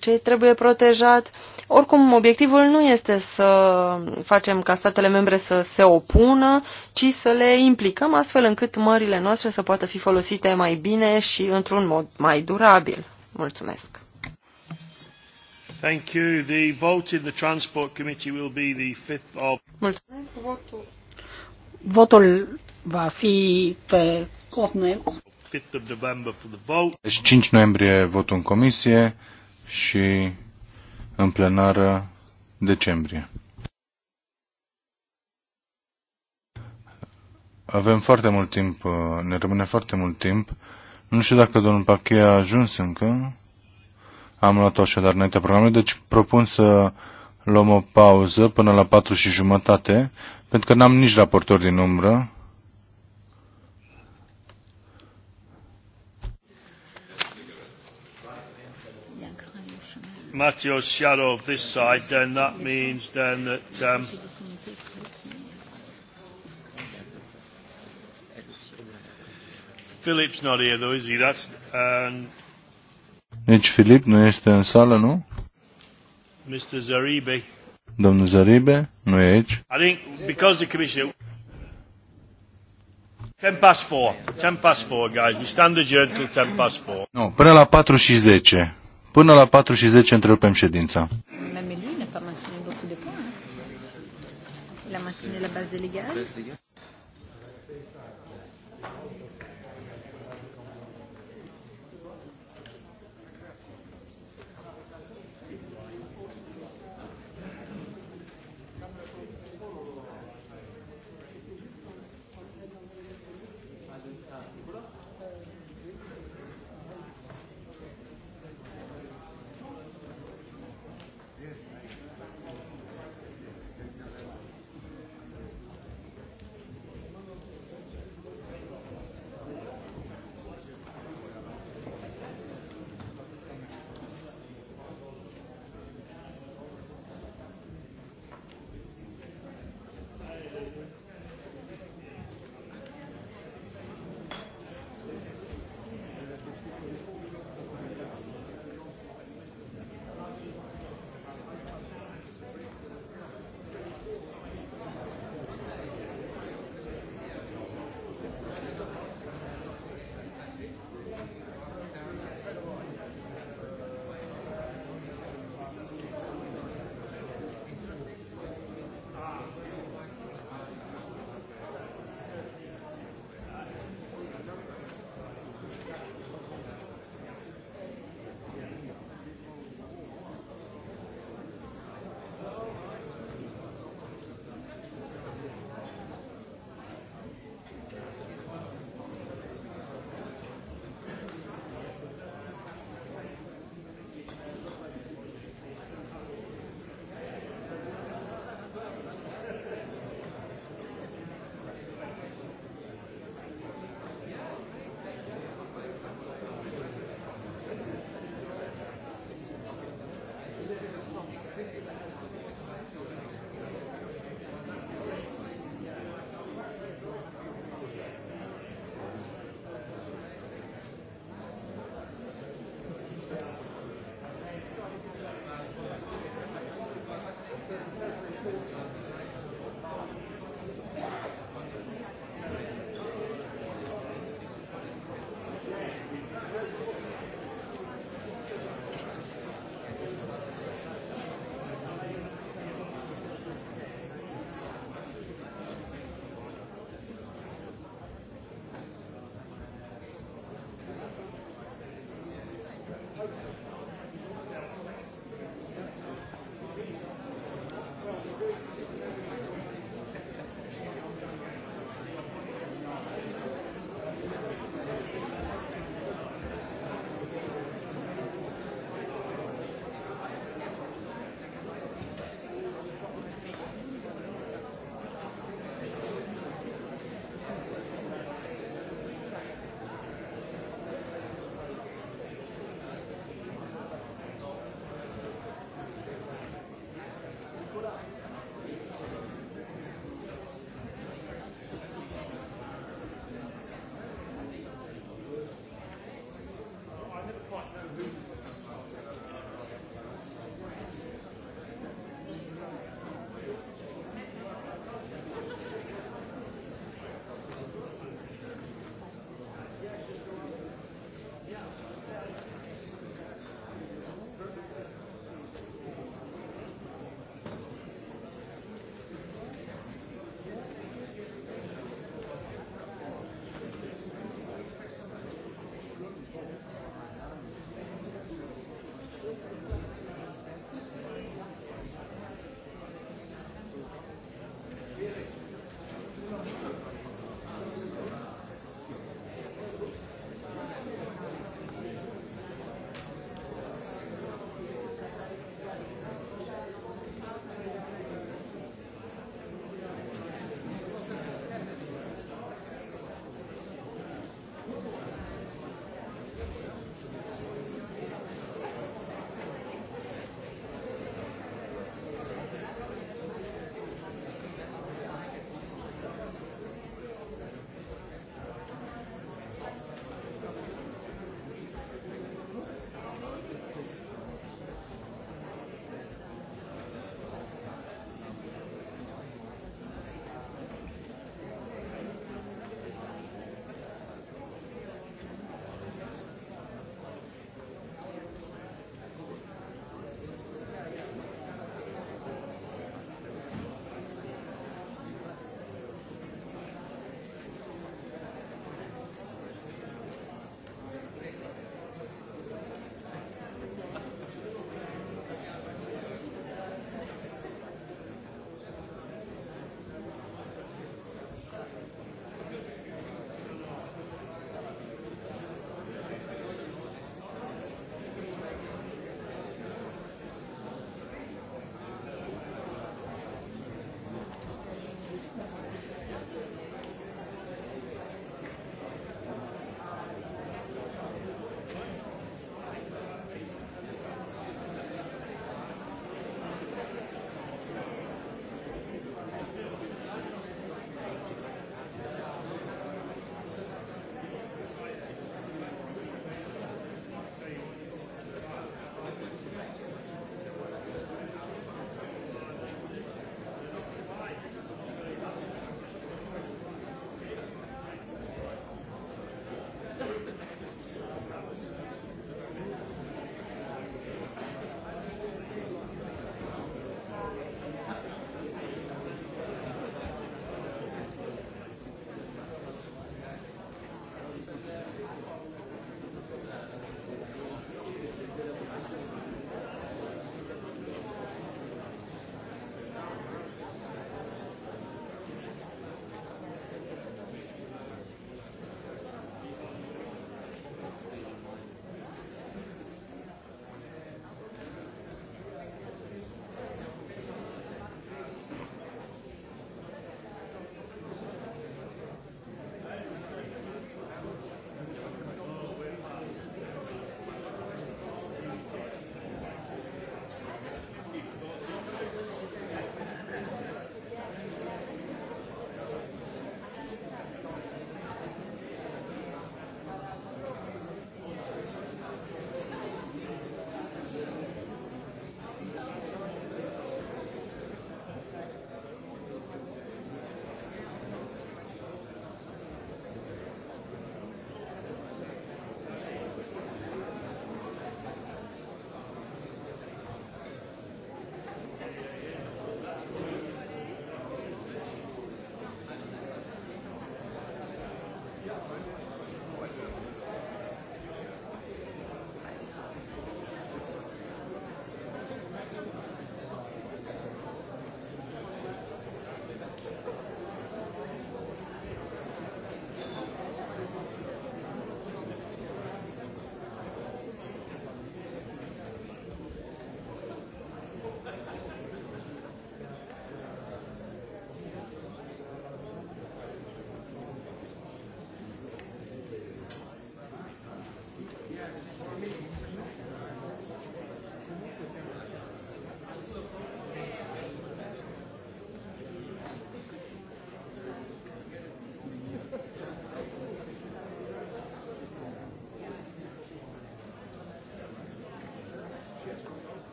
ce trebuie protejat oricum, obiectivul nu este să facem ca statele membre să se opună, ci să le implicăm astfel încât mările noastre să poată fi folosite mai bine și într-un mod mai durabil. Mulțumesc! Thank you. The vote in the Transport Committee will be the 5th of... Mulțumesc. Votul, votul va fi pe 8 noiembrie. 5 deci noiembrie votul în comisie și în plenară decembrie. Avem foarte mult timp, uh, ne rămâne foarte mult timp. Nu știu dacă domnul Pache a ajuns încă. Am luat-o așadar înaintea programului, deci propun să luăm o pauză până la patru și jumătate, pentru că n-am nici raportor din umbră Matteo's shadow of this side, then that means then that um, Philip's not here though, is he? That's and um, Nici Filip nu este în sală, nu? Mr. Zaribe. Domnul Zaribe nu e aici. I think because the commission 10 past 4. 10 past 4, guys. We stand adjourned till 10 past 4. Nu, no, până la 4 și 10. Până la 4 și 10 întrerupem ședința. La maține la baze legale?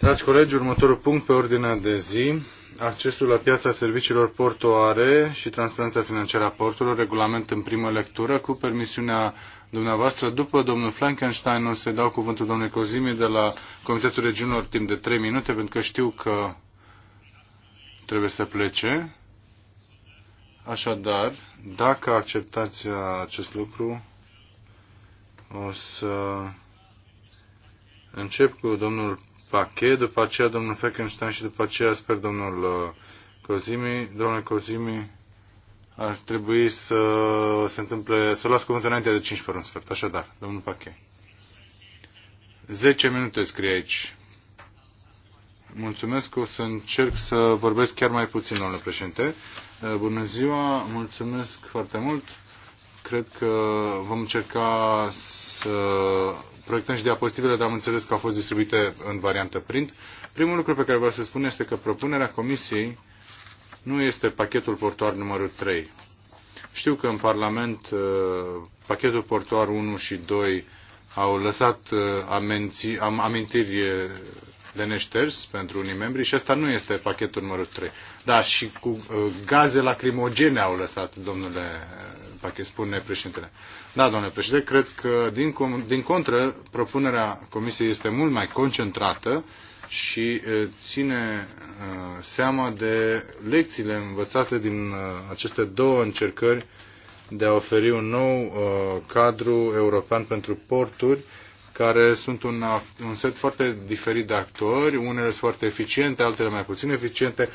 Dragi colegi, următorul punct pe ordinea de zi, accesul la piața serviciilor portoare și transparența financiară a porturilor, regulament în primă lectură, cu permisiunea dumneavoastră. După domnul Frankenstein o să dau cuvântul domnului Cozimi de la Comitetul Regiunilor timp de 3 minute, pentru că știu că trebuie să plece. Așadar, dacă acceptați acest lucru, o să Încep cu domnul Pache, după aceea domnul Feckenstein și după aceea sper domnul uh, Cozimi. Domnul Cozimi, ar trebui să se întâmple, să luați cuvântul înainte de 5 fără sfert. Așadar, domnul Pache. 10 minute scrie aici. Mulțumesc, o să încerc să vorbesc chiar mai puțin, domnule președinte. Uh, bună ziua, mulțumesc foarte mult. Cred că vom încerca să proiectăm și diapozitivele, dar am înțeles că au fost distribuite în variantă print. Primul lucru pe care vreau să spun este că propunerea Comisiei nu este pachetul portoar numărul 3. Știu că în Parlament uh, pachetul portoar 1 și 2 au lăsat uh, amintiri uh, de neșters pentru unii membri și asta nu este pachetul numărul 3. Da, și cu uh, gaze lacrimogene au lăsat, domnule uh, pachet, spune președintele. Da, domnule președinte, cred că din, din contră propunerea comisiei este mult mai concentrată și uh, ține uh, seama de lecțiile învățate din uh, aceste două încercări de a oferi un nou uh, cadru european pentru porturi care sunt un, un set foarte diferit de actori, unele sunt foarte eficiente, altele mai puțin eficiente,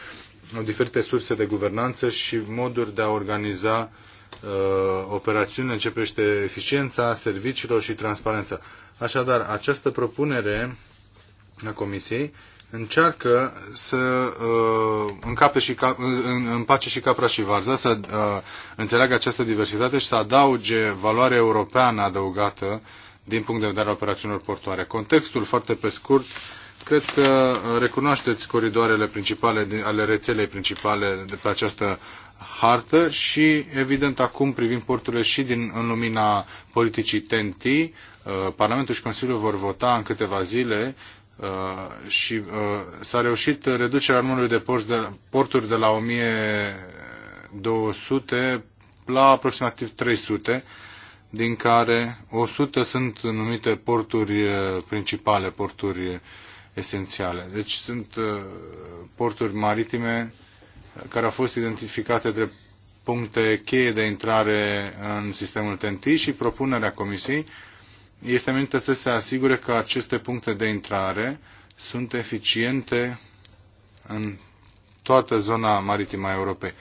au diferite surse de guvernanță și moduri de a organiza uh, operațiunile, începește eficiența serviciilor și transparența. Așadar, această propunere a Comisiei încearcă să uh, încape și cap, în, pace și capra și varza, să uh, înțeleagă această diversitate și să adauge valoare europeană adăugată uh, din punct de vedere al operațiunilor portoare. Contextul, foarte pe scurt, cred că uh, recunoașteți coridoarele principale ale rețelei principale de pe această hartă și, evident, acum privim porturile și din, în lumina politicii TNT. Uh, Parlamentul și Consiliul vor vota în câteva zile uh, și s-a reușit reducerea numărului de, de porturi de la 1200 la aproximativ 300 din care 100 sunt numite porturi eh, principale, porturi eh, esențiale. Deci sunt eh, porturi maritime care au fost identificate drept puncte cheie de intrare în sistemul TNT și propunerea Comisiei este menită să se asigure că aceste puncte de intrare sunt eficiente în toată zona maritimă a Europei.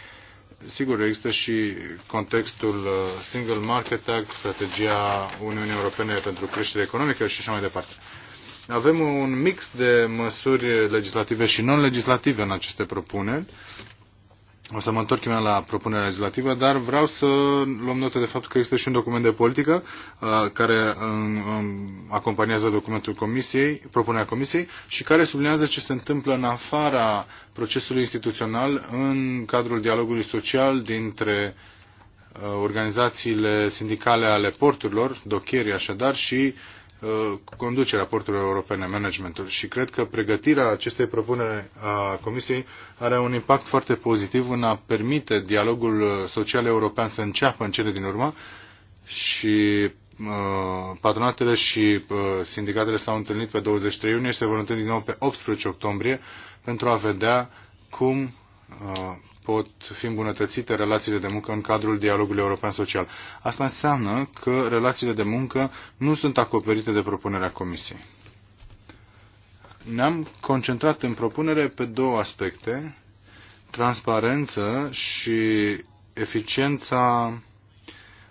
Sigur, există și contextul uh, Single Market Act, strategia Uniunii Europene pentru creștere economică și așa mai departe. Avem un mix de măsuri legislative și non-legislative în aceste propuneri o să mă întorc la propunerea legislativă, dar vreau să luăm notă de faptul că există și un document de politică uh, care um, um, acompaniază documentul comisiei, propunerea comisiei și care sublinează ce se întâmplă în afara procesului instituțional în cadrul dialogului social dintre uh, organizațiile sindicale ale porturilor, docherii așadar, și uh, Uh, conduce porturilor europene, managementul. Și cred că pregătirea acestei propuneri a Comisiei are un impact foarte pozitiv în a permite dialogul social european să înceapă în cele din urmă și uh, patronatele și uh, sindicatele s-au întâlnit pe 23 iunie și se vor întâlni din nou pe 18 octombrie pentru a vedea cum pot fi îmbunătățite relațiile de muncă în cadrul dialogului european social. Asta înseamnă că relațiile de muncă nu sunt acoperite de propunerea Comisiei. Ne-am concentrat în propunere pe două aspecte, transparență și eficiența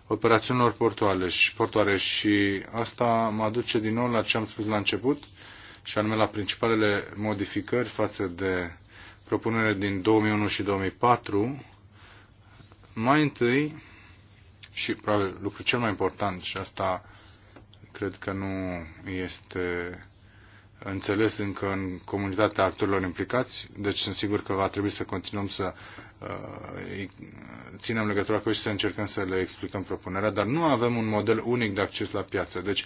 operațiunilor portoare și, portoare și asta mă aduce din nou la ce am spus la început, și anume la principalele modificări față de propunere din 2001 și 2004. Mai întâi, și probabil lucru cel mai important, și asta cred că nu este înțeles încă în comunitatea actorilor implicați, deci sunt sigur că va trebui să continuăm să uh, ținem legătura cu ei și să încercăm să le explicăm propunerea, dar nu avem un model unic de acces la piață. Deci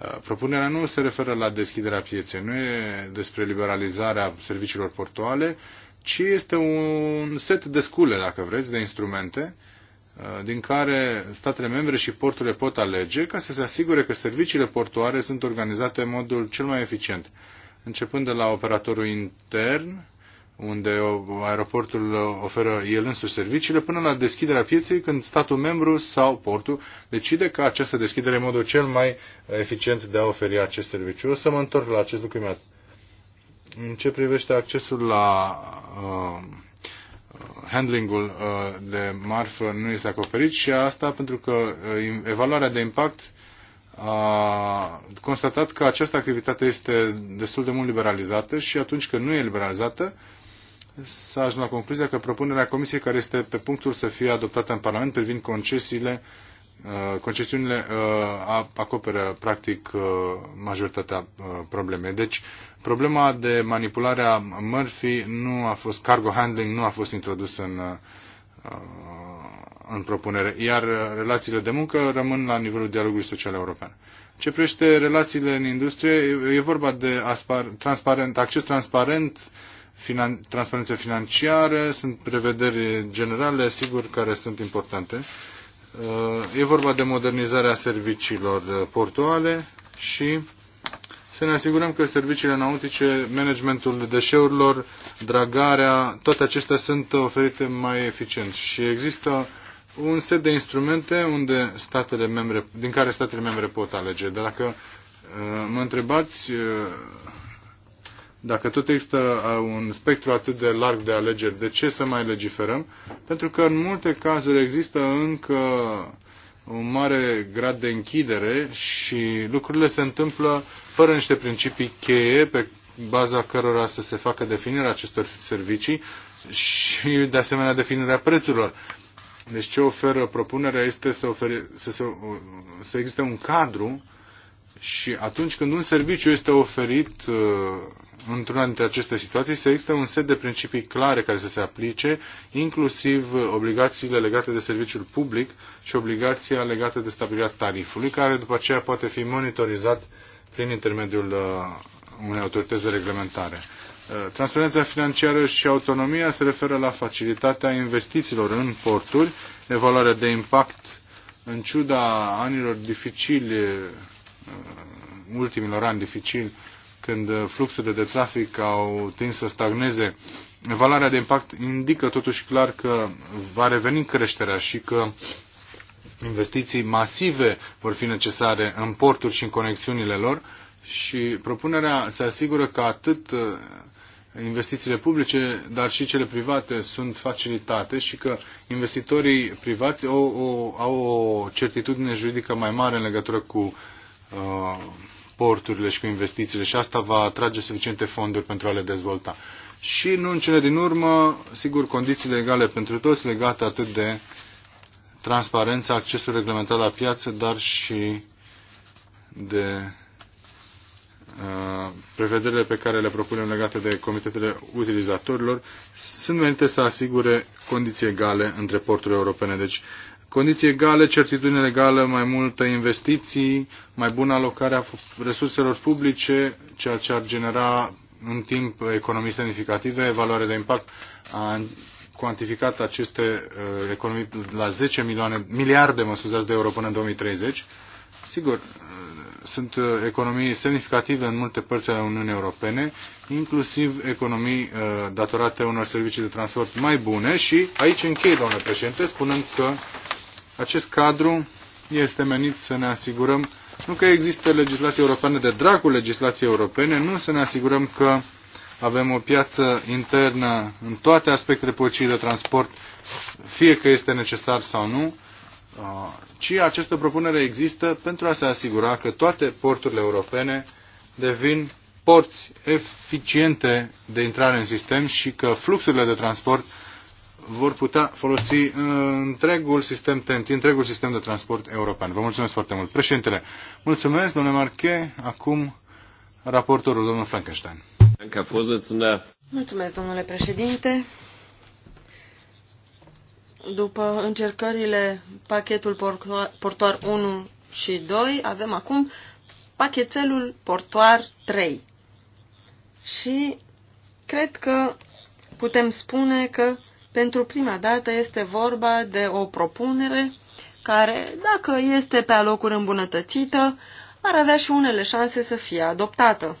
uh, propunerea nu se referă la deschiderea pieței, nu e despre liberalizarea serviciilor portuale, ci este un set de scule, dacă vreți, de instrumente uh, din care statele membre și porturile pot alege ca să se asigure că serviciile portoare sunt organizate în modul cel mai eficient, începând de la operatorul intern, unde aeroportul oferă el însuși serviciile, până la deschiderea pieței când statul membru sau portul decide că această deschidere e modul cel mai eficient de a oferi acest serviciu. O să mă întorc la acest lucru în ce privește accesul la uh, handlingul uh, de marfă nu este acoperit și asta pentru că uh, evaluarea de impact a constatat că această activitate este destul de mult liberalizată și atunci când nu e liberalizată, s-a ajuns la concluzia că propunerea Comisiei care este pe punctul să fie adoptată în Parlament privind concesiile uh, Uh, concesiunile uh, acoperă practic uh, majoritatea problemei. Deci problema de manipulare a Murphy nu a fost, cargo handling nu a fost introdusă în, în propunere, iar relațiile de muncă rămân la nivelul dialogului social european. Ce privește relațiile în industrie, e vorba de aspar, transparent, acces transparent, finan, transparență financiară, sunt prevederi generale, sigur, care sunt importante. Uh, e vorba de modernizarea serviciilor uh, portuale și să ne asigurăm că serviciile nautice, managementul deșeurilor, dragarea, toate acestea sunt oferite mai eficient. Și există un set de instrumente unde statele membre, din care statele membre pot alege. Dacă uh, mă întrebați, dacă tot există uh, un spectru atât de larg de alegeri, de ce să mai legiferăm? Pentru că în multe cazuri există încă un mare grad de închidere și lucrurile se întâmplă fără niște principii cheie pe baza cărora să se facă definirea acestor servicii și, de asemenea, definirea prețurilor. Deci ce oferă propunerea este să, ofere, să, se, să existe un cadru și atunci când un serviciu este oferit uh, într-una dintre aceste situații, să există un set de principii clare care să se aplice, inclusiv obligațiile legate de serviciul public și obligația legată de stabilirea tarifului, care după aceea poate fi monitorizat prin intermediul uh, unei autorități de reglementare. Uh, transparența financiară și autonomia se referă la facilitatea investițiilor în porturi, evaluarea de impact în ciuda anilor dificili Mm, ultimilor ani dificili, când fluxurile de trafic au tins să stagneze, evaluarea de impact indică totuși clar că va reveni creșterea și că investiții masive vor fi necesare în porturi și în conexiunile lor și propunerea se asigură că atât uh, investițiile publice, dar și cele private sunt facilitate și că investitorii privați au, au, au o certitudine juridică mai mare în legătură cu Uh, porturile și cu investițiile și asta va atrage suficiente fonduri pentru a le dezvolta. Și nu în cele din urmă, sigur, condițiile egale pentru toți legate atât de transparența, accesul reglementat la piață, dar și de uh, prevederile pe care le propunem legate de comitetele utilizatorilor sunt venite să asigure condiții egale între porturile europene. Deci condiții egale, certitudine legală, mai multă investiții, mai bună alocare a resurselor publice, ceea ce ar genera în timp economii semnificative, valoare de impact a cuantificat aceste uh, economii la 10 milioane, miliarde, mă scuzați, de euro până în 2030. Sigur, uh, sunt uh, economii semnificative în multe părți ale Uniunii Europene, inclusiv economii uh, datorate unor servicii de transport mai bune și aici închei, domnule președinte, spunând că acest cadru este menit să ne asigurăm nu că există legislație europeană de dragul legislației europene, nu să ne asigurăm că avem o piață internă în toate aspectele poliției de transport, fie că este necesar sau nu, uh, ci această propunere există pentru a se asigura că toate porturile europene devin porți eficiente de intrare în sistem și că fluxurile de transport vor putea folosi uh, întregul sistem TNT, întregul sistem de transport european. Vă mulțumesc foarte mult. Președintele, mulțumesc, domnule Marche. Acum raportorul, domnul Frankenstein. Mulțumesc, domnule președinte. După încercările pachetul portoar 1 și 2, avem acum pachetelul portoar 3. Și cred că putem spune că pentru prima dată este vorba de o propunere care, dacă este pe alocuri îmbunătățită, ar avea și unele șanse să fie adoptată.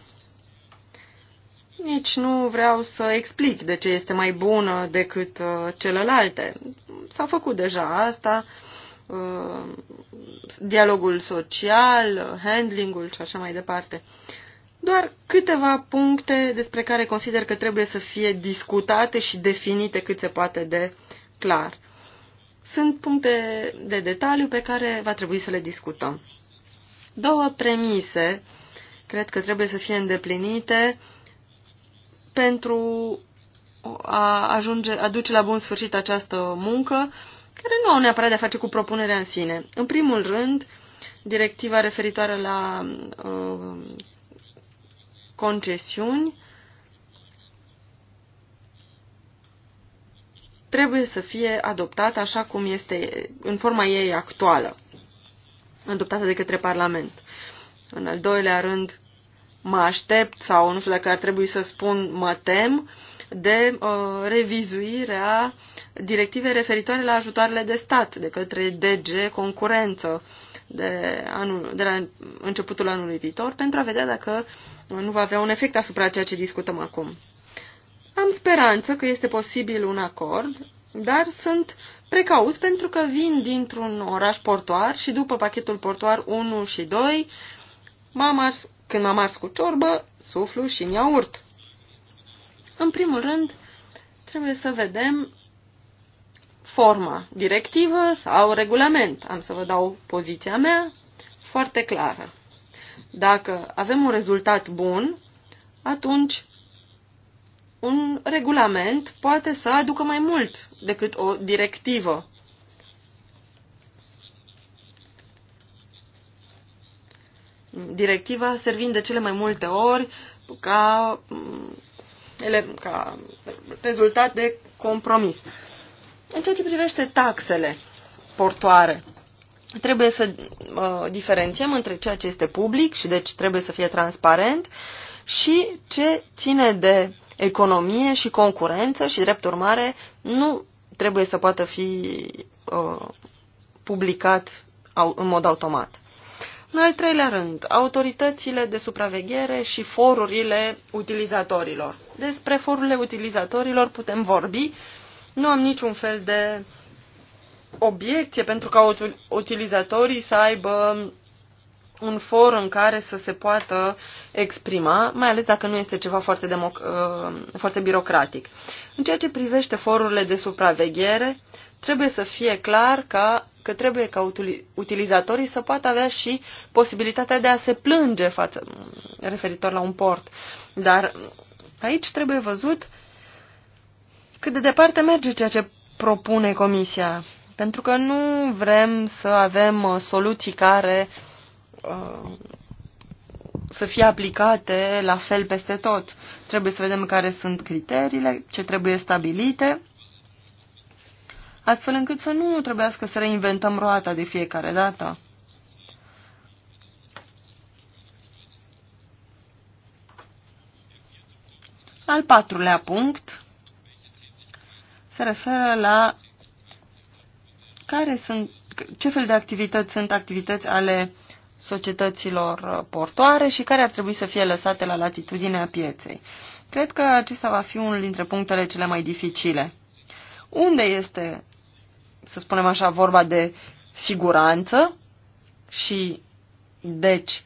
Nici nu vreau să explic de ce este mai bună decât uh, celelalte. S-a făcut deja asta, uh, dialogul social, uh, handlingul și așa mai departe. Doar câteva puncte despre care consider că trebuie să fie discutate și definite cât se poate de clar. Sunt puncte de detaliu pe care va trebui să le discutăm. Două premise cred că trebuie să fie îndeplinite pentru a ajunge, a duce la bun sfârșit această muncă, care nu au neapărat de a face cu propunerea în sine. În primul rând, directiva referitoare la uh, concesiuni trebuie să fie adoptată așa cum este în forma ei actuală, adoptată de către Parlament. În al doilea rând, mă aștept sau nu știu dacă ar trebui să spun mă tem de uh, revizuirea directive referitoare la ajutoarele de stat de către DG Concurență de, anul, de la începutul anului viitor pentru a vedea dacă nu va avea un efect asupra ceea ce discutăm acum. Am speranță că este posibil un acord, dar sunt precaut pentru că vin dintr-un oraș portoar și după pachetul portoar 1 și 2, m-am ars, când m-am ars cu ciorbă, suflu și mi-a urt. În primul rând, trebuie să vedem forma directivă sau regulament. Am să vă dau poziția mea foarte clară. Dacă avem un rezultat bun, atunci un regulament poate să aducă mai mult decât o directivă. Directiva servind de cele mai multe ori ca, mm, ele, ca rezultat de compromis. În ceea ce privește taxele portoare, trebuie să uh, diferențiem între ceea ce este public și deci trebuie să fie transparent și ce ține de economie și concurență și, drept urmare, nu trebuie să poată fi uh, publicat au, în mod automat. În al treilea rând, autoritățile de supraveghere și forurile utilizatorilor. Despre forurile utilizatorilor putem vorbi nu am niciun fel de obiecție pentru ca utilizatorii să aibă un for în care să se poată exprima, mai ales dacă nu este ceva foarte, democ- uh, foarte birocratic. În ceea ce privește forurile de supraveghere, trebuie să fie clar că, că trebuie ca utilizatorii să poată avea și posibilitatea de a se plânge față, referitor la un port. Dar aici trebuie văzut cât de departe merge ceea ce propune Comisia. Pentru că nu vrem să avem uh, soluții care uh, să fie aplicate la fel peste tot. Trebuie să vedem care sunt criteriile, ce trebuie stabilite, astfel încât să nu trebuiască să reinventăm roata de fiecare dată. Al patrulea punct se referă la care sunt, ce fel de activități sunt activități ale societăților portoare și care ar trebui să fie lăsate la latitudinea pieței. Cred că acesta va fi unul dintre punctele cele mai dificile. Unde este, să spunem așa, vorba de siguranță și, deci,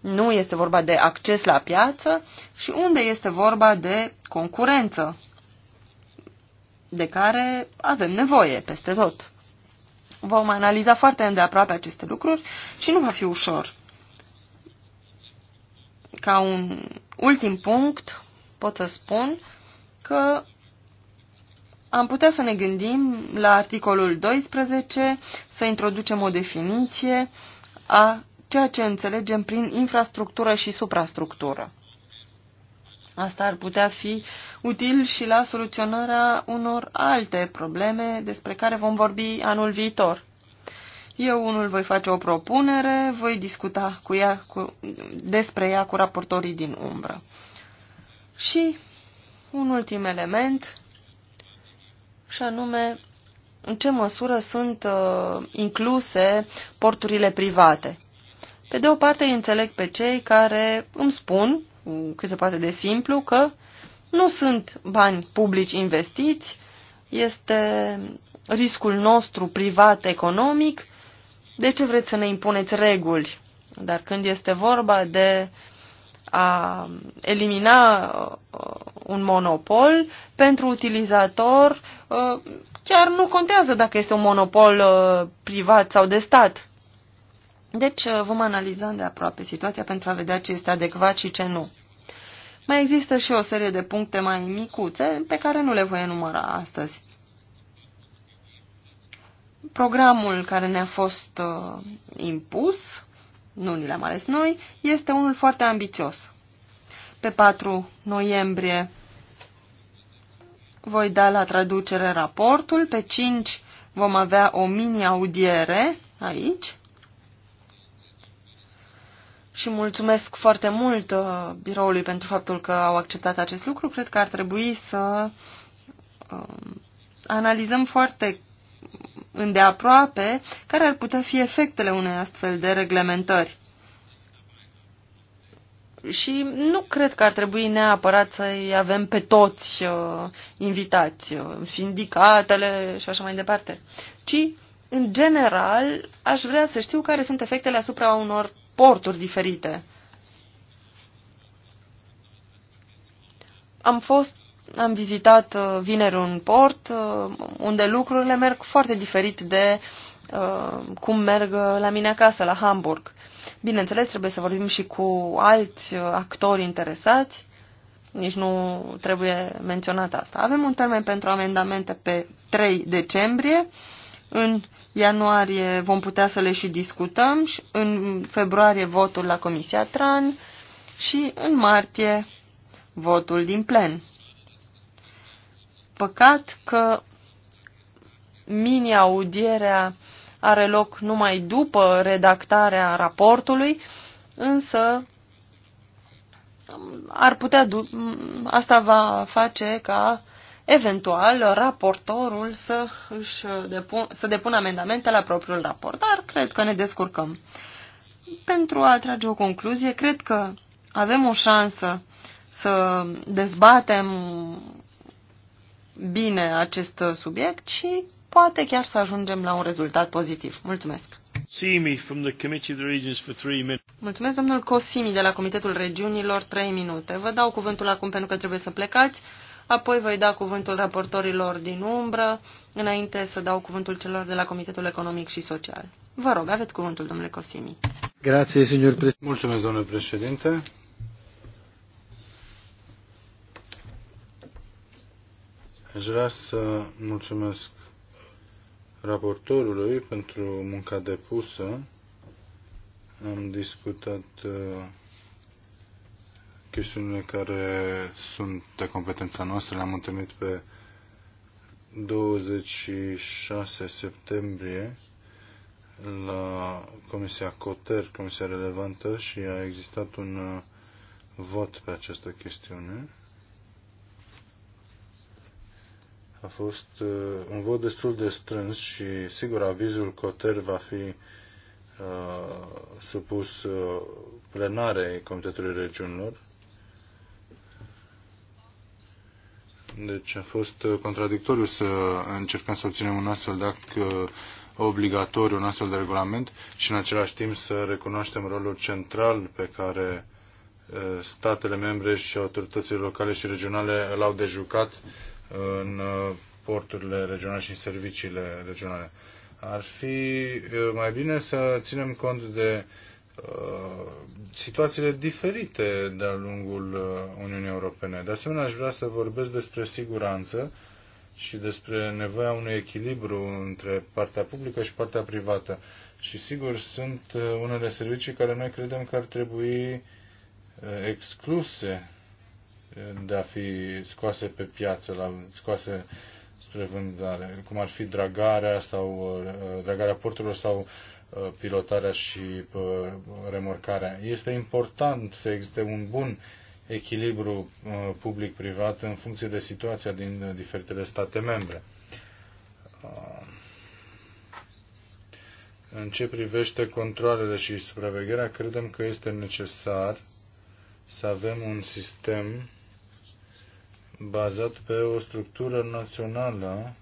nu este vorba de acces la piață și unde este vorba de concurență de care avem nevoie peste tot. Vom analiza foarte îndeaproape aceste lucruri și nu va fi ușor. Ca un ultim punct pot să spun că am putea să ne gândim la articolul 12, să introducem o definiție a ceea ce înțelegem prin infrastructură și suprastructură. Asta ar putea fi util și la soluționarea unor alte probleme despre care vom vorbi anul viitor. Eu unul voi face o propunere, voi discuta cu ea, cu, despre ea cu raportorii din umbră. Și un ultim element, și anume în ce măsură sunt uh, incluse porturile private. Pe de o parte îi înțeleg pe cei care îmi spun cât se poate de simplu că nu sunt bani publici investiți, este riscul nostru privat economic, de ce vreți să ne impuneți reguli? Dar când este vorba de a elimina uh, un monopol, pentru utilizator uh, chiar nu contează dacă este un monopol uh, privat sau de stat. Deci uh, vom analiza de aproape situația pentru a vedea ce este adecvat și ce nu. Mai există și o serie de puncte mai micuțe pe care nu le voi enumăra astăzi. Programul care ne-a fost uh, impus, nu ni l-am ales noi, este unul foarte ambițios. Pe 4 noiembrie voi da la traducere raportul, pe 5 vom avea o mini-audiere aici și mulțumesc foarte mult uh, biroului pentru faptul că au acceptat acest lucru. Cred că ar trebui să um, analizăm foarte îndeaproape care ar putea fi efectele unei astfel de reglementări. Și nu cred că ar trebui neapărat să-i avem pe toți uh, invitați, uh, sindicatele și așa mai departe, ci, în general, aș vrea să știu care sunt efectele asupra unor porturi diferite. Am fost, am vizitat uh, vineri un port uh, unde lucrurile merg foarte diferit de uh, cum merg la mine acasă, la Hamburg. Bineînțeles, trebuie să vorbim și cu alți actori interesați, nici nu trebuie menționat asta. Avem un termen pentru amendamente pe 3 decembrie în ianuarie vom putea să le și discutăm, și în februarie votul la Comisia TRAN și în martie votul din plen. Păcat că mini-audierea are loc numai după redactarea raportului, însă ar putea asta va face ca eventual raportorul să, își depun, să depună amendamente la propriul raport, dar cred că ne descurcăm. Pentru a trage o concluzie, cred că avem o șansă să dezbatem bine acest subiect și poate chiar să ajungem la un rezultat pozitiv. Mulțumesc! Mulțumesc, domnul Cosimi de la Comitetul Regiunilor, 3 minute. Vă dau cuvântul acum pentru că trebuie să plecați apoi voi da cuvântul raportorilor din umbră, înainte să dau cuvântul celor de la Comitetul Economic și Social. Vă rog, aveți cuvântul, domnule Cosimi. Grație, signor președinte. Mulțumesc, domnule președinte. Aș vrea să mulțumesc raportorului pentru munca depusă. Am discutat uh, chestiunile care sunt de competența noastră. Le-am întâlnit pe 26 septembrie la Comisia Coter, Comisia Relevantă, și a existat un uh, vot pe această chestiune. A fost uh, un vot destul de strâns și, sigur, avizul Coter va fi uh, supus uh, plenarei Comitetului Regiunilor Deci a fost uh, contradictoriu să încercăm să obținem un astfel de act uh, obligatoriu, un astfel de regulament și în același timp să recunoaștem rolul central pe care uh, statele membre și autoritățile locale și regionale l-au de jucat în porturile regionale și în serviciile regionale. Ar fi mai bine să ținem cont de Uh, situațiile diferite de-a lungul uh, Uniunii Europene. De asemenea, aș vrea să vorbesc despre siguranță și despre nevoia unui echilibru între partea publică și partea privată. Și sigur, sunt uh, unele servicii care noi credem că ar trebui excluse de a fi scoase pe piață, la, scoase spre vânzare, cum ar fi dragarea sau dragarea porturilor sau Uh, pilotarea și uh, remorcarea. Este important să existe un bun echilibru uh, public-privat în funcție de situația din diferitele state membre. În ce privește controlele și supravegherea, credem că este necesar să avem un sistem bazat pe o structură națională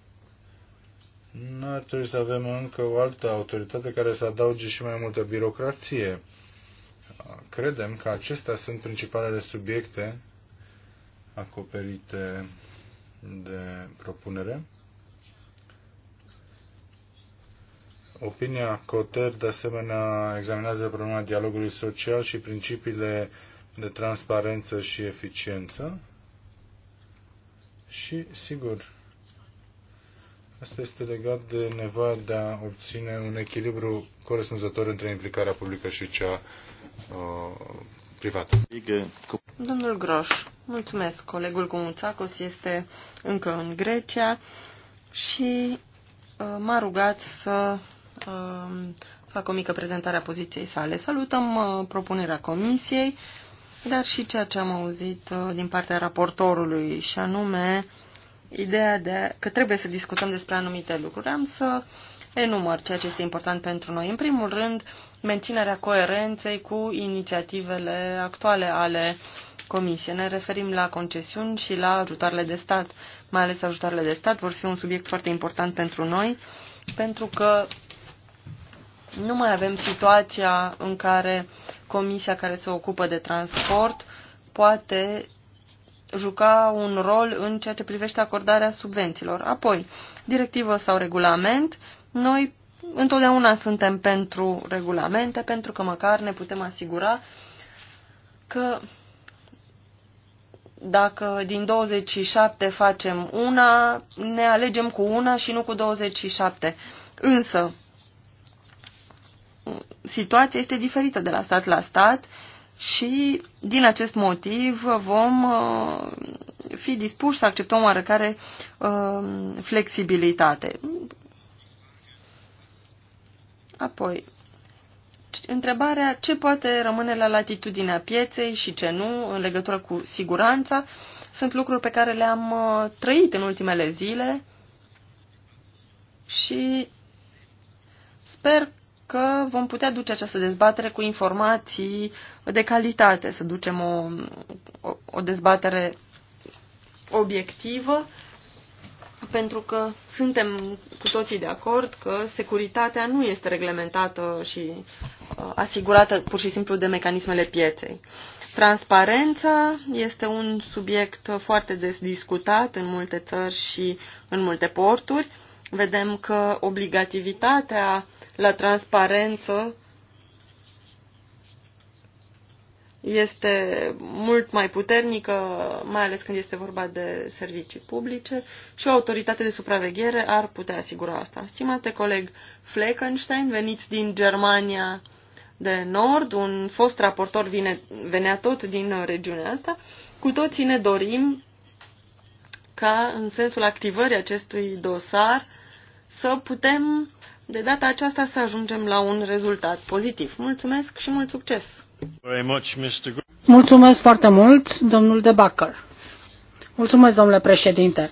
nu ar trebui să avem încă o altă autoritate care să adauge și mai multă birocrație. Credem că acestea sunt principalele subiecte acoperite de propunere. Opinia Coter, de asemenea, examinează problema dialogului social și principiile de transparență și eficiență. Și, sigur, Asta este legat de nevoia de a obține un echilibru corespunzător între implicarea publică și cea uh, privată. Domnul Groș, mulțumesc. Colegul Comunțacos este încă în Grecia și uh, m-a rugat să uh, fac o mică prezentare a poziției sale. Salutăm uh, propunerea comisiei, dar și ceea ce am auzit uh, din partea raportorului, și anume ideea de că trebuie să discutăm despre anumite lucruri. Am să enumăr ceea ce este important pentru noi. În primul rând, menținerea coerenței cu inițiativele actuale ale Comisiei. Ne referim la concesiuni și la ajutoarele de stat. Mai ales ajutoarele de stat vor fi un subiect foarte important pentru noi, pentru că nu mai avem situația în care Comisia care se ocupă de transport poate juca un rol în ceea ce privește acordarea subvențiilor. Apoi, directivă sau regulament, noi întotdeauna suntem pentru regulamente, pentru că măcar ne putem asigura că dacă din 27 facem una, ne alegem cu una și nu cu 27. Însă, situația este diferită de la stat la stat și din acest motiv vom uh, fi dispuși să acceptăm oarecare uh, flexibilitate. Apoi, întrebarea ce poate rămâne la latitudinea pieței și ce nu în legătură cu siguranța sunt lucruri pe care le-am uh, trăit în ultimele zile și sper că vom putea duce această dezbatere cu informații de calitate, să ducem o, o, o dezbatere obiectivă, pentru că suntem cu toții de acord că securitatea nu este reglementată și uh, asigurată pur și simplu de mecanismele pieței. Transparența este un subiect foarte des discutat în multe țări și în multe porturi. Vedem că obligativitatea la transparență este mult mai puternică, mai ales când este vorba de servicii publice și o autoritate de supraveghere ar putea asigura asta. Stimate coleg Fleckenstein, veniți din Germania de Nord, un fost raportor vine, venea tot din regiunea asta, cu toții ne dorim ca în sensul activării acestui dosar să putem de data aceasta să ajungem la un rezultat pozitiv. Mulțumesc și mult succes! Mulțumesc foarte mult, domnul De Bacăr. Mulțumesc, domnule președinte.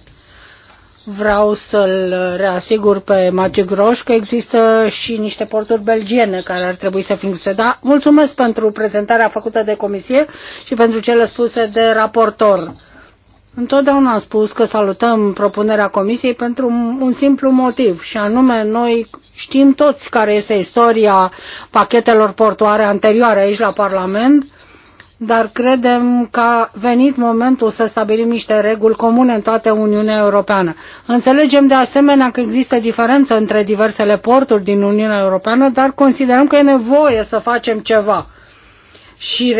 Vreau să-l reasigur pe Magic Groș că există și niște porturi belgiene care ar trebui să fie da. Mulțumesc pentru prezentarea făcută de comisie și pentru cele spuse de raportor. Întotdeauna am spus că salutăm propunerea Comisiei pentru un simplu motiv, și anume noi Știm toți care este istoria pachetelor portoare anterioare aici la Parlament, dar credem că a venit momentul să stabilim niște reguli comune în toată Uniunea Europeană. Înțelegem de asemenea că există diferență între diversele porturi din Uniunea Europeană, dar considerăm că e nevoie să facem ceva. Și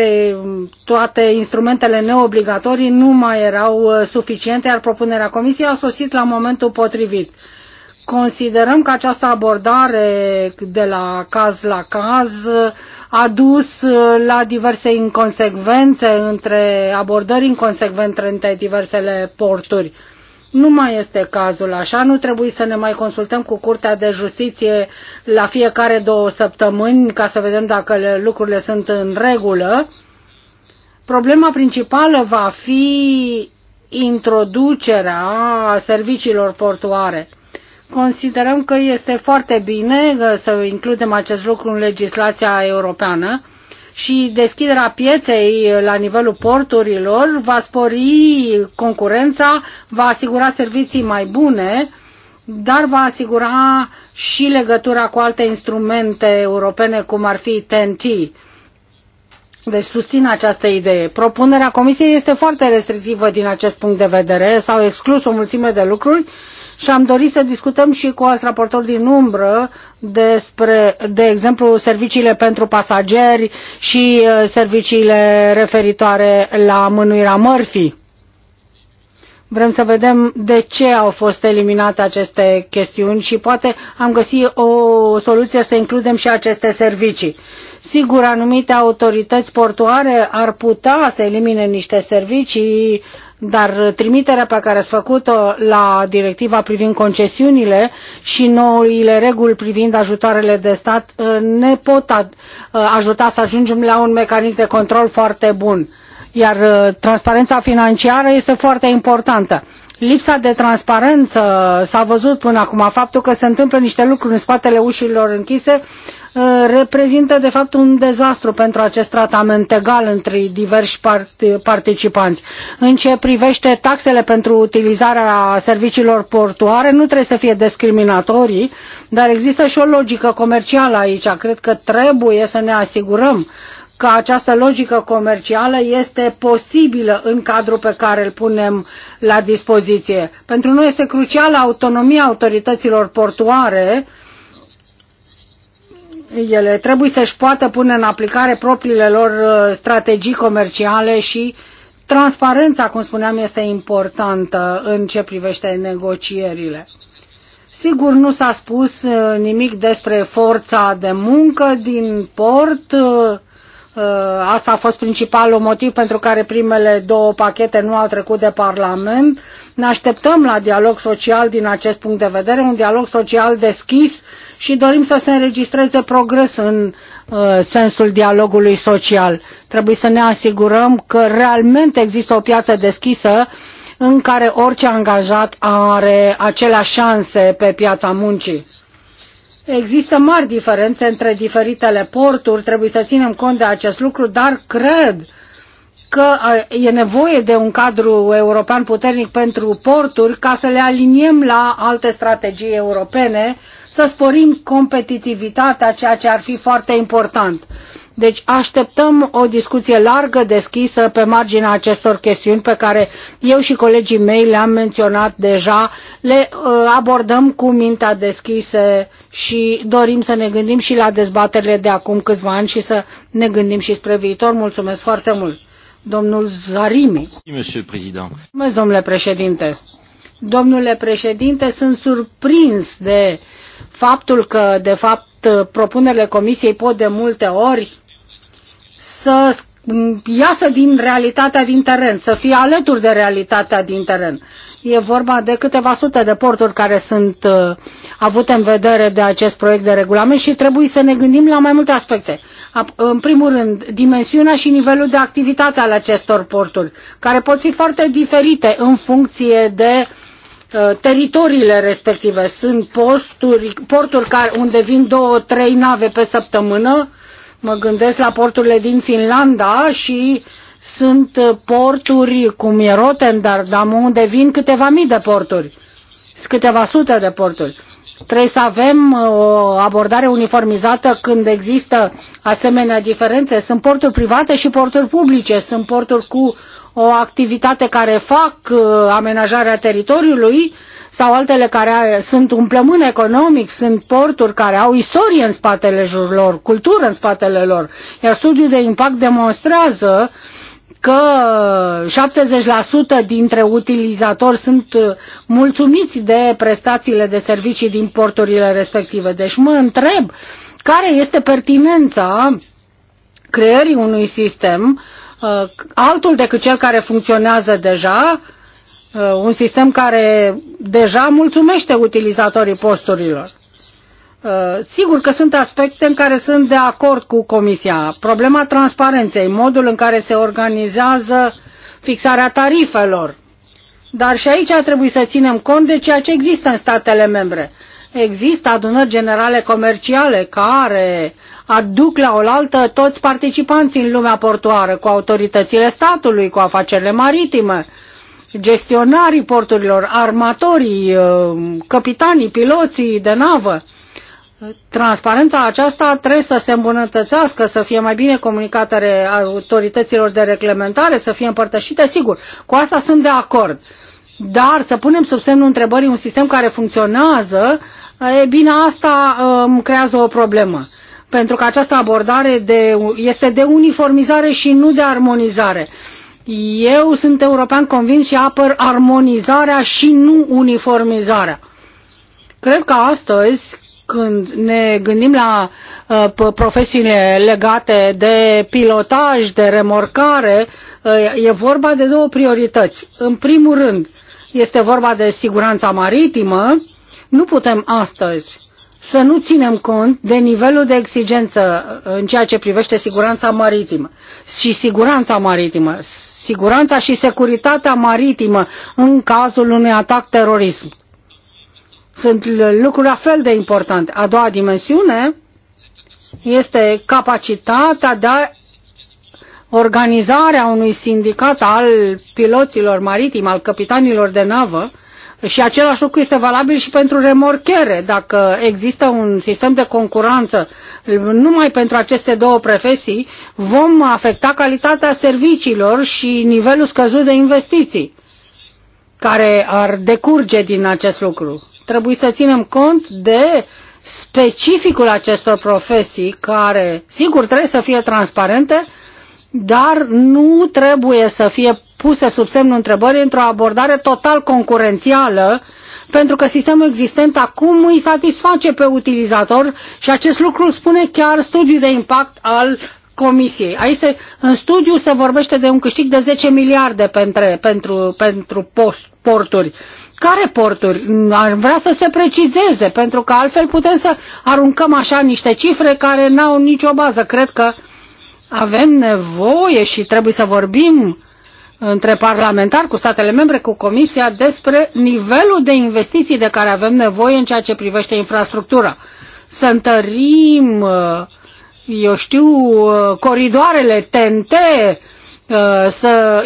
toate instrumentele neobligatorii nu mai erau uh, suficiente, iar propunerea Comisiei a sosit la momentul potrivit. Considerăm că această abordare de la caz la caz a dus la diverse inconsecvențe între abordări inconsecvente între diversele porturi. Nu mai este cazul așa, nu trebuie să ne mai consultăm cu Curtea de Justiție la fiecare două săptămâni ca să vedem dacă lucrurile sunt în regulă. Problema principală va fi introducerea serviciilor portoare. Considerăm că este foarte bine uh, să includem acest lucru în legislația europeană și deschiderea pieței uh, la nivelul porturilor va spori concurența, va asigura servicii mai bune, dar va asigura și legătura cu alte instrumente europene, cum ar fi TNT. Deci susțin această idee. Propunerea Comisiei este foarte restrictivă din acest punct de vedere. S-au exclus o mulțime de lucruri și am dorit să discutăm și cu alți raportori din umbră despre, de exemplu, serviciile pentru pasageri și uh, serviciile referitoare la mânuirea mărfii. Vrem să vedem de ce au fost eliminate aceste chestiuni și poate am găsit o soluție să includem și aceste servicii. Sigur, anumite autorități portoare ar putea să elimine niște servicii dar trimiterea pe care ați făcut-o la directiva privind concesiunile și noile reguli privind ajutoarele de stat uh, ne pot uh, ajuta să ajungem la un mecanism de control foarte bun iar uh, transparența financiară este foarte importantă Lipsa de transparență s-a văzut până acum, faptul că se întâmplă niște lucruri în spatele ușilor închise uh, reprezintă de fapt un dezastru pentru acest tratament egal între diversi part- participanți. În ce privește taxele pentru utilizarea serviciilor portuare, nu trebuie să fie discriminatorii, dar există și o logică comercială aici. Cred că trebuie să ne asigurăm că această logică comercială este posibilă în cadrul pe care îl punem la dispoziție. Pentru noi este crucială autonomia autorităților portuare. Ele trebuie să-și poată pune în aplicare propriile lor uh, strategii comerciale și transparența, cum spuneam, este importantă în ce privește negocierile. Sigur, nu s-a spus uh, nimic despre forța de muncă din port, uh, Uh, asta a fost principalul motiv pentru care primele două pachete nu au trecut de Parlament. Ne așteptăm la dialog social din acest punct de vedere, un dialog social deschis și dorim să se înregistreze progres în uh, sensul dialogului social. Trebuie să ne asigurăm că realmente există o piață deschisă în care orice angajat are aceleași șanse pe piața muncii. Există mari diferențe între diferitele porturi, trebuie să ținem cont de acest lucru, dar cred că e nevoie de un cadru european puternic pentru porturi ca să le aliniem la alte strategii europene, să sporim competitivitatea, ceea ce ar fi foarte important. Deci așteptăm o discuție largă, deschisă, pe marginea acestor chestiuni pe care eu și colegii mei le-am menționat deja. Le uh, abordăm cu mintea deschisă și dorim să ne gândim și la dezbaterile de acum câțiva ani și să ne gândim și spre viitor. Mulțumesc foarte mult! Domnul Zarimi. Mulțumesc, domnule președinte. Domnule președinte, sunt surprins de faptul că, de fapt, propunerile comisiei pot de multe ori să iasă din realitatea din teren, să fie alături de realitatea din teren. E vorba de câteva sute de porturi care sunt uh, avute în vedere de acest proiect de regulament și trebuie să ne gândim la mai multe aspecte. În primul rând, dimensiunea și nivelul de activitate al acestor porturi, care pot fi foarte diferite în funcție de uh, teritoriile respective. Sunt posturi, porturi care, unde vin două, trei nave pe săptămână, uh, Mă gândesc la porturile din Finlanda și sunt porturi cum e Rotterdam, unde vin câteva mii de porturi, câteva sute de porturi. Trebuie să avem uh, o abordare uniformizată când există asemenea diferențe. Sunt porturi private și porturi publice, sunt porturi cu o activitate care fac uh, amenajarea teritoriului sau altele care sunt un plămân economic, sunt porturi care au istorie în spatele lor, cultură în spatele lor. Iar studiul de impact demonstrează că 70% dintre utilizatori sunt uh, mulțumiți de prestațiile de servicii din porturile respective. Deci mă întreb care este pertinența creării unui sistem uh, altul decât cel care funcționează deja, Uh, un sistem care deja mulțumește utilizatorii posturilor. Uh, sigur că sunt aspecte în care sunt de acord cu Comisia. Problema transparenței, modul în care se organizează fixarea tarifelor. Dar și aici trebuie să ținem cont de ceea ce există în statele membre. Există adunări generale comerciale care aduc la oaltă toți participanții în lumea portoară, cu autoritățile statului, cu afacerile maritime, gestionarii porturilor, armatorii, uh, capitanii, piloții de navă. Transparența aceasta trebuie să se îmbunătățească, să fie mai bine comunicată autorităților de reglementare, să fie împărtășite, sigur. Cu asta sunt de acord. Dar să punem sub semnul întrebării un sistem care funcționează, e bine, asta îmi um, creează o problemă. Pentru că această abordare de, este de uniformizare și nu de armonizare. Eu sunt european convins și apăr armonizarea și nu uniformizarea. Cred că astăzi, când ne gândim la uh, profesiile legate de pilotaj, de remorcare, uh, e vorba de două priorități. În primul rând, este vorba de siguranța maritimă. Nu putem astăzi să nu ținem cont de nivelul de exigență în ceea ce privește siguranța maritimă și siguranța maritimă siguranța și securitatea maritimă în cazul unui atac terorism. Sunt lucruri la fel de importante. A doua dimensiune este capacitatea de a organizarea unui sindicat al piloților maritimi, al capitanilor de navă, și același lucru este valabil și pentru remorchere. Dacă există un sistem de concurență numai pentru aceste două profesii, vom afecta calitatea serviciilor și nivelul scăzut de investiții care ar decurge din acest lucru. Trebuie să ținem cont de specificul acestor profesii care, sigur, trebuie să fie transparente, dar nu trebuie să fie puse sub semnul întrebării într-o abordare total concurențială, pentru că sistemul existent acum îi satisface pe utilizator și acest lucru spune chiar studiul de impact al Comisiei. Aici se, în studiu se vorbește de un câștig de 10 miliarde pentru, pentru, pentru post, porturi. Care porturi? Ar vrea să se precizeze, pentru că altfel putem să aruncăm așa niște cifre care n-au nicio bază. Cred că avem nevoie și trebuie să vorbim între parlamentari, cu statele membre, cu Comisia, despre nivelul de investiții de care avem nevoie în ceea ce privește infrastructura. Să întărim, uh, eu știu, uh, coridoarele TNT, uh, să,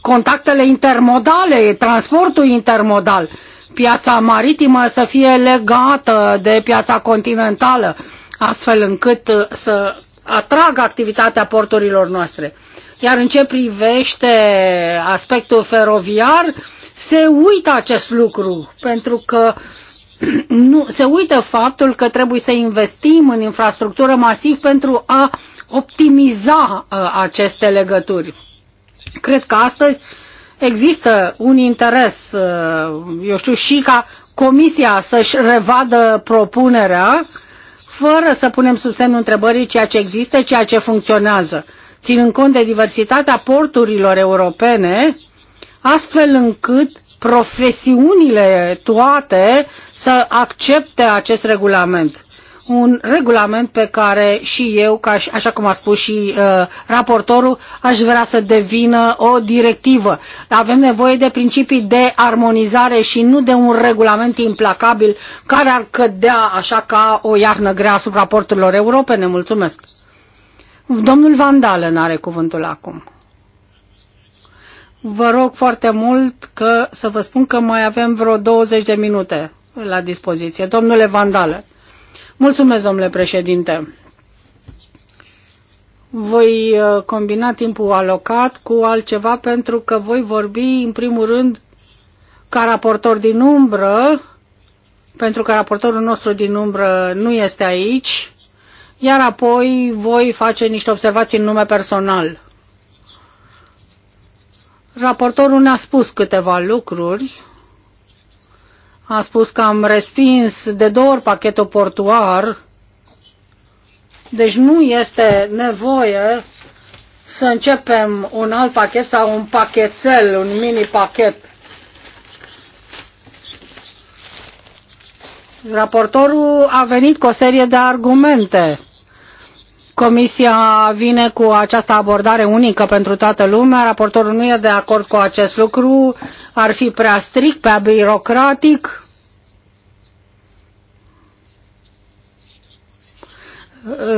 contactele intermodale, transportul intermodal, piața maritimă să fie legată de piața continentală, astfel încât să atragă activitatea porturilor noastre iar în ce privește aspectul feroviar, se uită acest lucru, pentru că <clears throat> nu, se uită faptul că trebuie să investim în infrastructură masiv pentru a optimiza uh, aceste legături. Cred că astăzi există un interes, uh, eu știu, și ca Comisia să-și revadă propunerea fără să punem sub semnul întrebării ceea ce există, ceea ce funcționează ținând cont de diversitatea porturilor europene, astfel încât profesiunile toate să accepte acest regulament. Un regulament pe care și eu, ca și, așa cum a spus și uh, raportorul, aș vrea să devină o directivă. Avem nevoie de principii de armonizare și nu de un regulament implacabil care ar cădea așa ca o iarnă grea asupra porturilor europene. Mulțumesc! Domnul Vandalen are cuvântul acum. Vă rog foarte mult că, să vă spun că mai avem vreo 20 de minute la dispoziție. Domnule Van Mulțumesc, domnule președinte. Voi uh, combina timpul alocat cu altceva pentru că voi vorbi, în primul rând, ca raportor din umbră, pentru că raportorul nostru din umbră nu este aici iar apoi voi face niște observații în nume personal. Raportorul ne-a spus câteva lucruri. A spus că am respins de două ori pachetul portuar, deci nu este nevoie să începem un alt pachet sau un pachetel, un mini pachet. Raportorul a venit cu o serie de argumente Comisia vine cu această abordare unică pentru toată lumea, raportorul nu e de acord cu acest lucru, ar fi prea strict, prea birocratic.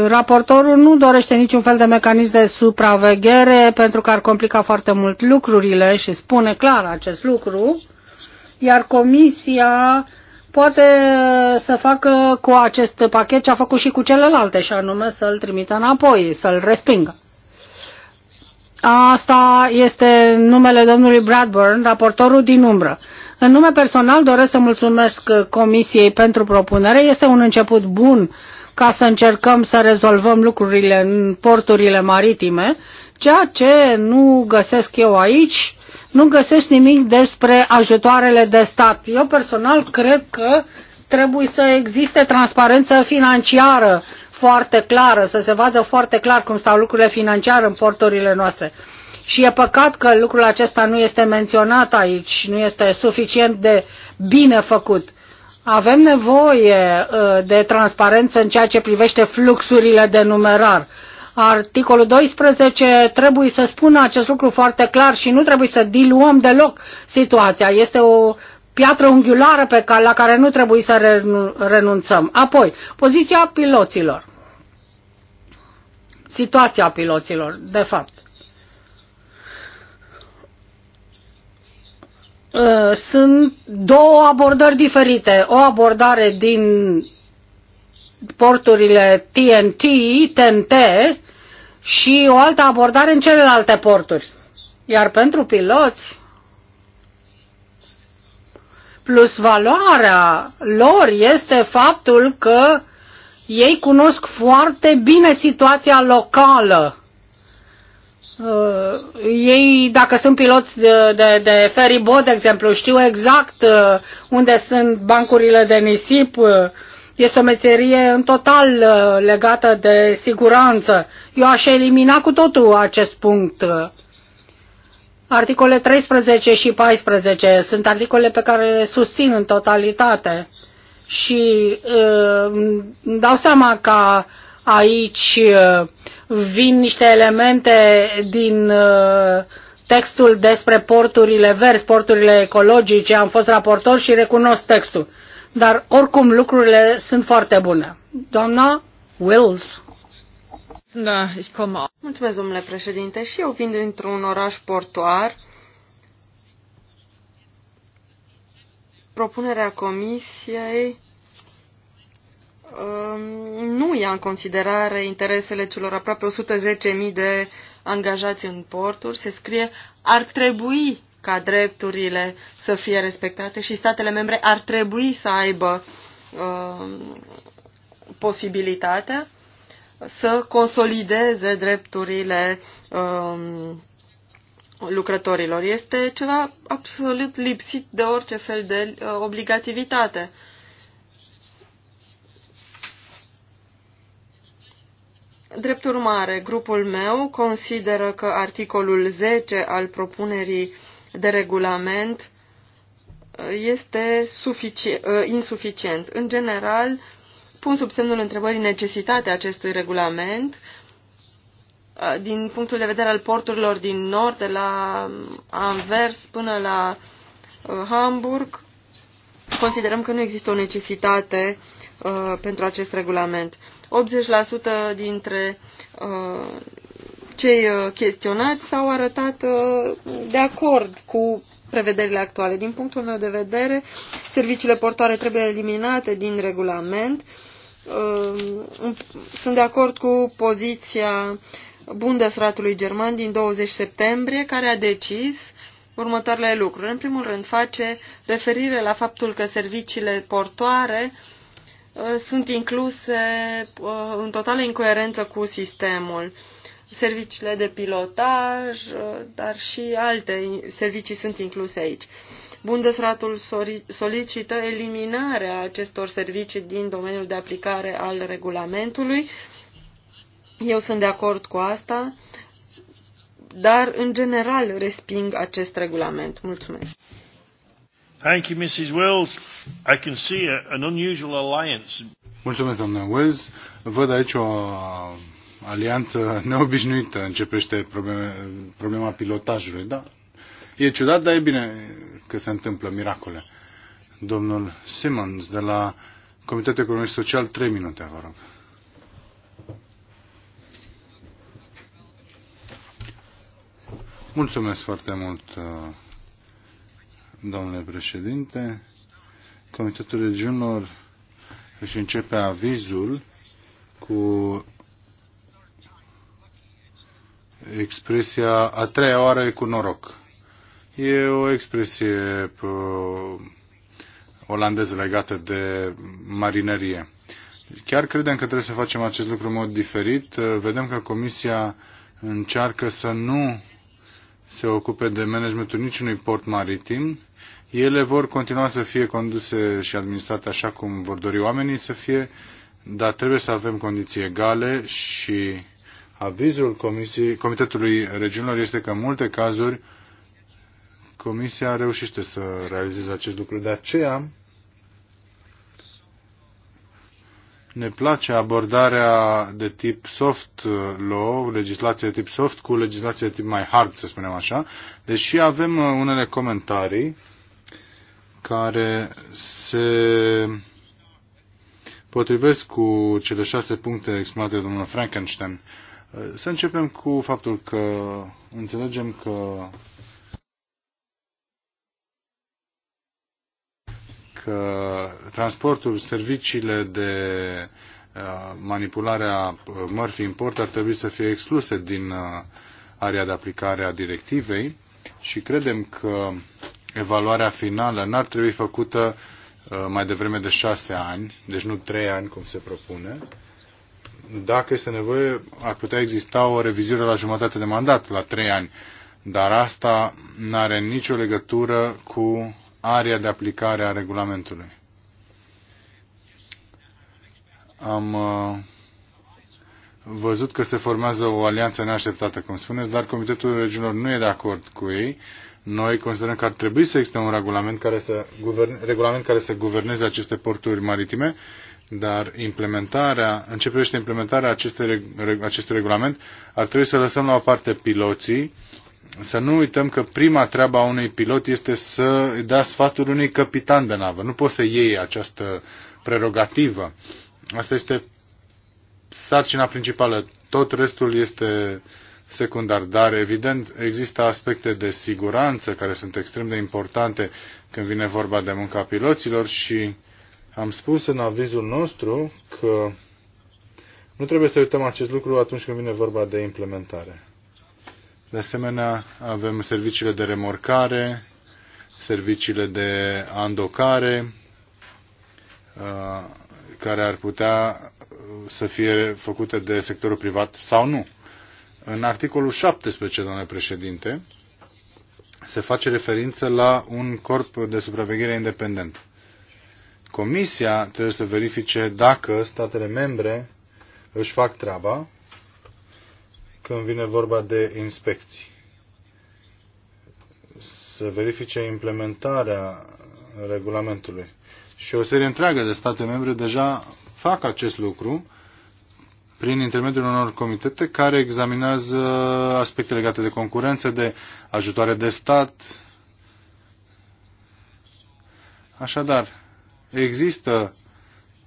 Raportorul nu dorește niciun fel de mecanism de supraveghere pentru că ar complica foarte mult lucrurile și spune clar acest lucru, iar Comisia poate uh, să facă cu acest pachet ce a făcut și cu celelalte, și anume să-l trimită înapoi, să-l respingă. Asta este numele domnului Bradburn, raportorul din umbră. În nume personal doresc să mulțumesc Comisiei pentru propunere. Este un început bun ca să încercăm să rezolvăm lucrurile în porturile maritime. Ceea ce nu găsesc eu aici nu găsesc nimic despre ajutoarele de stat. Eu personal cred că trebuie să existe transparență financiară foarte clară, să se vadă foarte clar cum stau lucrurile financiare în porturile noastre. Și e păcat că lucrul acesta nu este menționat aici, nu este suficient de bine făcut. Avem nevoie uh, de transparență în ceea ce privește fluxurile de numerar. Articolul 12 trebuie să spună acest lucru foarte clar și nu trebuie să diluăm deloc situația. Este o piatră unghiulară pe care, la care nu trebuie să renunțăm. Apoi, poziția piloților. Situația piloților, de fapt. Sunt două abordări diferite. O abordare din porturile TNT, TNT și o altă abordare în celelalte porturi. Iar pentru piloți, plus valoarea lor este faptul că ei cunosc foarte bine situația locală. Uh, ei, dacă sunt piloți de, de, de feribot, de exemplu, știu exact uh, unde sunt bancurile de nisip, uh, este o meserie în total uh, legată de siguranță. Eu aș elimina cu totul acest punct. Articole 13 și 14 sunt articole pe care le susțin în totalitate și uh, îmi dau seama că aici uh, vin niște elemente din textul despre porturile verzi, porturile ecologice. Am fost raportor și recunosc textul dar oricum lucrurile sunt foarte bune. Doamna Wills. Da, ich Mulțumesc, domnule președinte. Și eu vin dintr-un oraș portoar. Propunerea comisiei um, nu ia în considerare interesele celor aproape 110.000 de angajați în porturi. Se scrie ar trebui ca drepturile să fie respectate și statele membre ar trebui să aibă uh, posibilitatea să consolideze drepturile uh, lucrătorilor. Este ceva absolut lipsit de orice fel de uh, obligativitate. Drept urmare, grupul meu consideră că articolul 10 al propunerii de regulament uh, este uh, insuficient. În general, pun sub semnul întrebării necesitatea acestui regulament uh, din punctul de vedere al porturilor din nord, de la Anvers până la Hamburg, considerăm că nu există o necesitate uh, pentru acest regulament. 80% dintre uh, cei uh, chestionați s-au arătat uh, de acord cu prevederile actuale. Din punctul meu de vedere, serviciile portoare trebuie eliminate din regulament. Uh, sunt de acord cu poziția Bundesratului German din 20 septembrie, care a decis următoarele lucruri. În primul rând, face referire la faptul că serviciile portoare sunt incluse în totală incoerență cu sistemul serviciile de pilotaj, dar și alte servicii sunt incluse aici. Bundesratul solicită eliminarea acestor servicii din domeniul de aplicare al regulamentului. Eu sunt de acord cu asta, dar în general resping acest regulament. Mulțumesc. Thank you, Mrs. Wells. I can see an unusual alliance. Mulțumesc, doamna Wells. Văd aici o alianță neobișnuită începește probleme, problema pilotajului. Da, e ciudat, dar e bine că se întâmplă miracole. Domnul Simmons de la Comitetul Economic Social, 3 minute, vă rog. Mulțumesc foarte mult, uh, domnule președinte. Comitetul Regiunilor își începe avizul cu expresia a treia oară e cu noroc. E o expresie uh, olandeză legată de marinărie. Chiar credem că trebuie să facem acest lucru în mod diferit. Uh, vedem că Comisia încearcă să nu se ocupe de managementul niciunui port maritim. Ele vor continua să fie conduse și administrate așa cum vor dori oamenii să fie, dar trebuie să avem condiții egale și Avizul Comisiei, Comitetului Regiunilor este că în multe cazuri Comisia reușește să realizeze acest lucru. De aceea ne place abordarea de tip soft law, legislație de tip soft cu legislație de tip mai hard, să spunem așa, deși avem unele comentarii care se potrivesc cu cele șase puncte exprimate de domnul Frankenstein. Uh, să începem cu faptul că înțelegem că că transportul, serviciile de uh, a uh, mărfii import ar trebui să fie excluse din uh, area de aplicare a directivei și credem că evaluarea finală n-ar trebui făcută mai devreme de șase ani, deci nu trei ani cum se propune, dacă este nevoie, ar putea exista o revizuire la jumătate de mandat, la trei ani. Dar asta nu are nicio legătură cu area de aplicare a regulamentului. Am uh, văzut că se formează o alianță neașteptată, cum spuneți, dar Comitetul Regiunilor nu e de acord cu ei. Noi considerăm că ar trebui să existe un regulament care să, guverne, regulament care să guverneze aceste porturi maritime dar implementarea, în ce privește implementarea acestui, acestui regulament, ar trebui să lăsăm la o parte piloții, să nu uităm că prima treabă a unui pilot este să dea sfatul unui capitan de navă. Nu poți să iei această prerogativă. Asta este sarcina principală. Tot restul este secundar, dar evident există aspecte de siguranță care sunt extrem de importante când vine vorba de munca piloților și uh, am spus în avizul nostru că nu trebuie să uităm acest lucru atunci când vine vorba de implementare. De asemenea, avem serviciile de remorcare, serviciile de andocare, uh, care ar putea să fie făcute de sectorul privat sau nu. În articolul 17, domnule președinte, se face referință la un corp de supraveghere independent. Comisia trebuie să verifice dacă statele membre își fac treaba când vine vorba de inspecții. Să verifice implementarea regulamentului. Și o serie întreagă de state membre deja fac acest lucru prin intermediul unor comitete care examinează aspecte legate de concurență, de ajutoare de stat. Așadar, există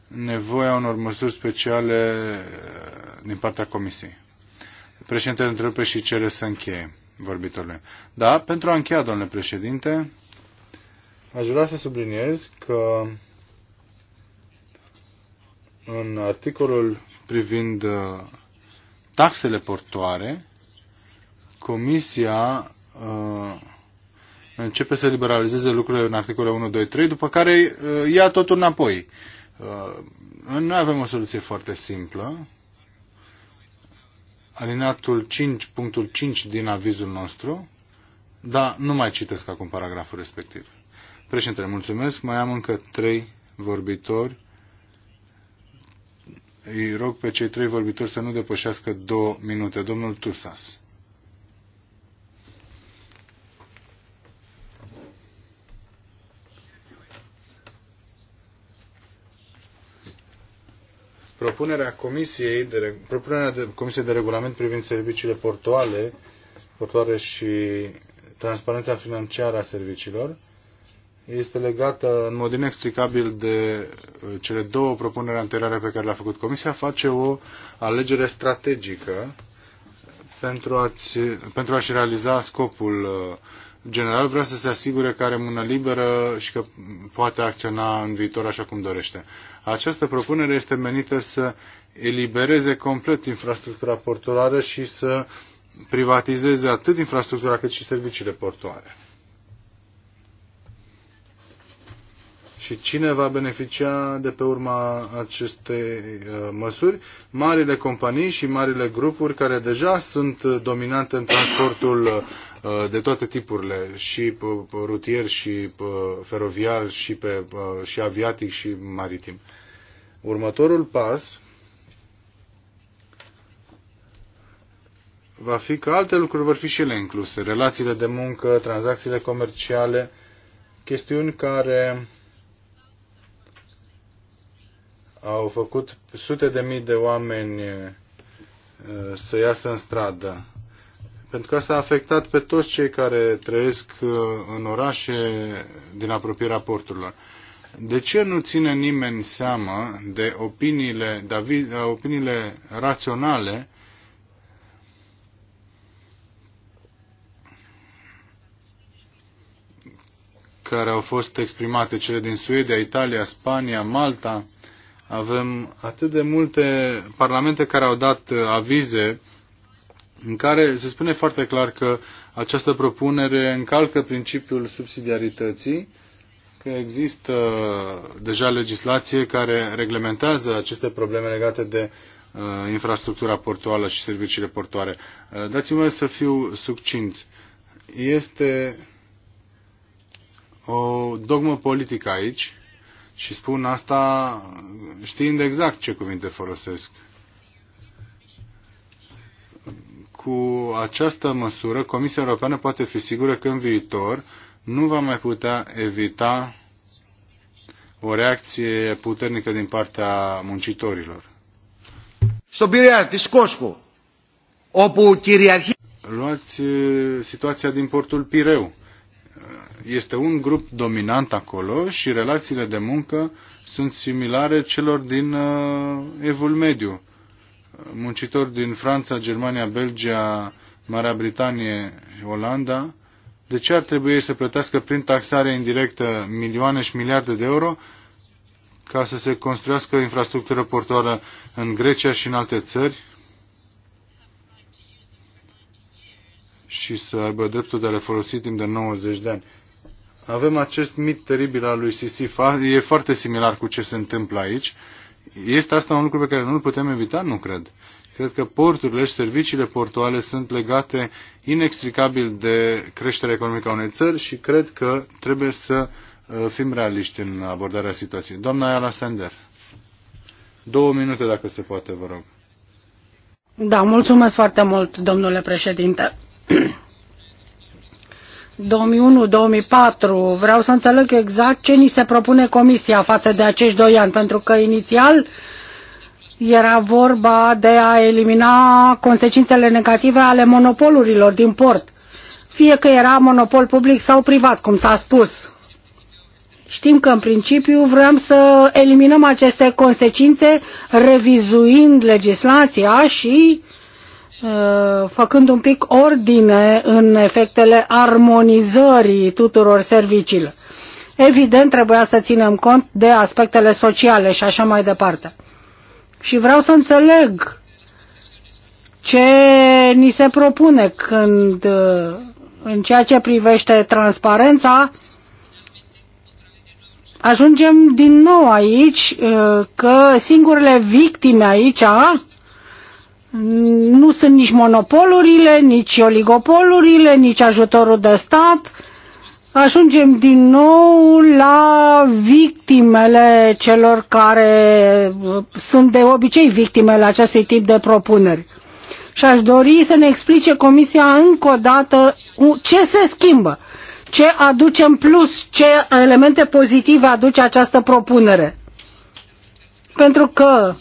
nevoia unor măsuri speciale uh, din partea Comisiei. Președintele întrerupe și cere să încheie vorbitorului. Da, pentru a încheia, domnule președinte, aș vrea să subliniez că în articolul privind uh, taxele portoare, Comisia uh, începe să liberalizeze lucrurile în articolul 1, 2, 3, după care uh, ia totul înapoi. Uh, noi avem o soluție foarte simplă. Alineatul 5, punctul 5 din avizul nostru, dar nu mai citesc acum paragraful respectiv. Președinte, mulțumesc. Mai am încă trei vorbitori. Îi rog pe cei trei vorbitori să nu depășească două minute. Domnul Tursas. propunerea Comisiei de, propunerea de, Comisiei de Regulament privind serviciile portoale, portoare și transparența financiară a serviciilor este legată în mod inextricabil de uh, cele două propuneri anterioare pe care le-a făcut Comisia, face o alegere strategică pentru, a-și realiza scopul uh, general vrea să se asigure că are mână liberă și că poate acționa în viitor așa cum dorește. Această propunere este menită să elibereze complet infrastructura portuară și să privatizeze atât infrastructura cât și serviciile portoare. Și cine va beneficia de pe urma acestei uh, măsuri? Marile companii și marile grupuri care deja sunt dominante în transportul uh, Uh, de toate tipurile, și uh, rutier, și uh, feroviar, și, pe, și aviatic, și maritim. Următorul pas va fi că alte lucruri vor fi și ele incluse. Relațiile de muncă, tranzacțiile comerciale, chestiuni care au făcut sute de mii de oameni să iasă în stradă. Pentru că asta a afectat pe toți cei care trăiesc uh, în orașe din apropierea porturilor. De ce nu ține nimeni seamă de opiniile, de uh, opiniile raționale care au fost exprimate, cele din Suedia, Italia, Spania, Malta. Avem atât de multe parlamente care au dat uh, avize în care se spune foarte clar că această propunere încalcă principiul subsidiarității, că există deja legislație care reglementează aceste probleme legate de uh, infrastructura portuală și serviciile portoare. Uh, Dați-mi să fiu succint. Este o dogmă politică aici și spun asta știind exact ce cuvinte folosesc. Uh, cu această măsură, Comisia Europeană poate fi sigură că în viitor nu va mai putea evita o reacție puternică din partea muncitorilor. Στον Πειραιά της Κόσκου, όπου κυριαρχεί... Luați eh, situația din portul Pireu. Este un grup dominant acolo și relațiile de muncă sunt similare celor din eh, Evul Mediu muncitori din Franța, Germania, Belgia, Marea Britanie și Olanda, de ce ar trebui să plătească prin taxare indirectă milioane și miliarde de euro ca să se construiască infrastructură portoară în Grecia și în alte țări și să aibă dreptul de a le folosi timp de 90 de ani? Avem acest mit teribil al lui Sisif. E foarte similar cu ce se întâmplă aici este asta un lucru pe care nu-l putem evita? Nu cred. Cred că porturile și serviciile portuale sunt legate inextricabil de creșterea economică a unei țări și cred că trebuie să uh, fim realiști în abordarea situației. Doamna Ayala Sender, două minute dacă se poate, vă rog. Da, mulțumesc foarte mult, domnule președinte. <clears throat> 2001-2004. Vreau să înțeleg exact ce ni se propune Comisia față de acești doi ani, pentru că inițial era vorba de a elimina consecințele negative ale monopolurilor din port, fie că era monopol public sau privat, cum s-a spus. Știm că în principiu vrem să eliminăm aceste consecințe revizuind legislația și uh, Uh, făcând un pic ordine în efectele armonizării tuturor serviciilor. Evident, trebuia să ținem cont de aspectele sociale și așa mai departe. Și vreau să înțeleg ce ni se propune când, uh, în ceea ce privește transparența, ajungem din nou aici uh, că singurele victime aici nu sunt nici monopolurile, nici oligopolurile, nici ajutorul de stat. Ajungem din nou la victimele celor care uh, sunt de obicei victimele acestui tip de propuneri. Și aș dori să ne explice Comisia încă o dată ce se schimbă ce aduce în plus, ce elemente pozitive aduce această propunere. Pentru că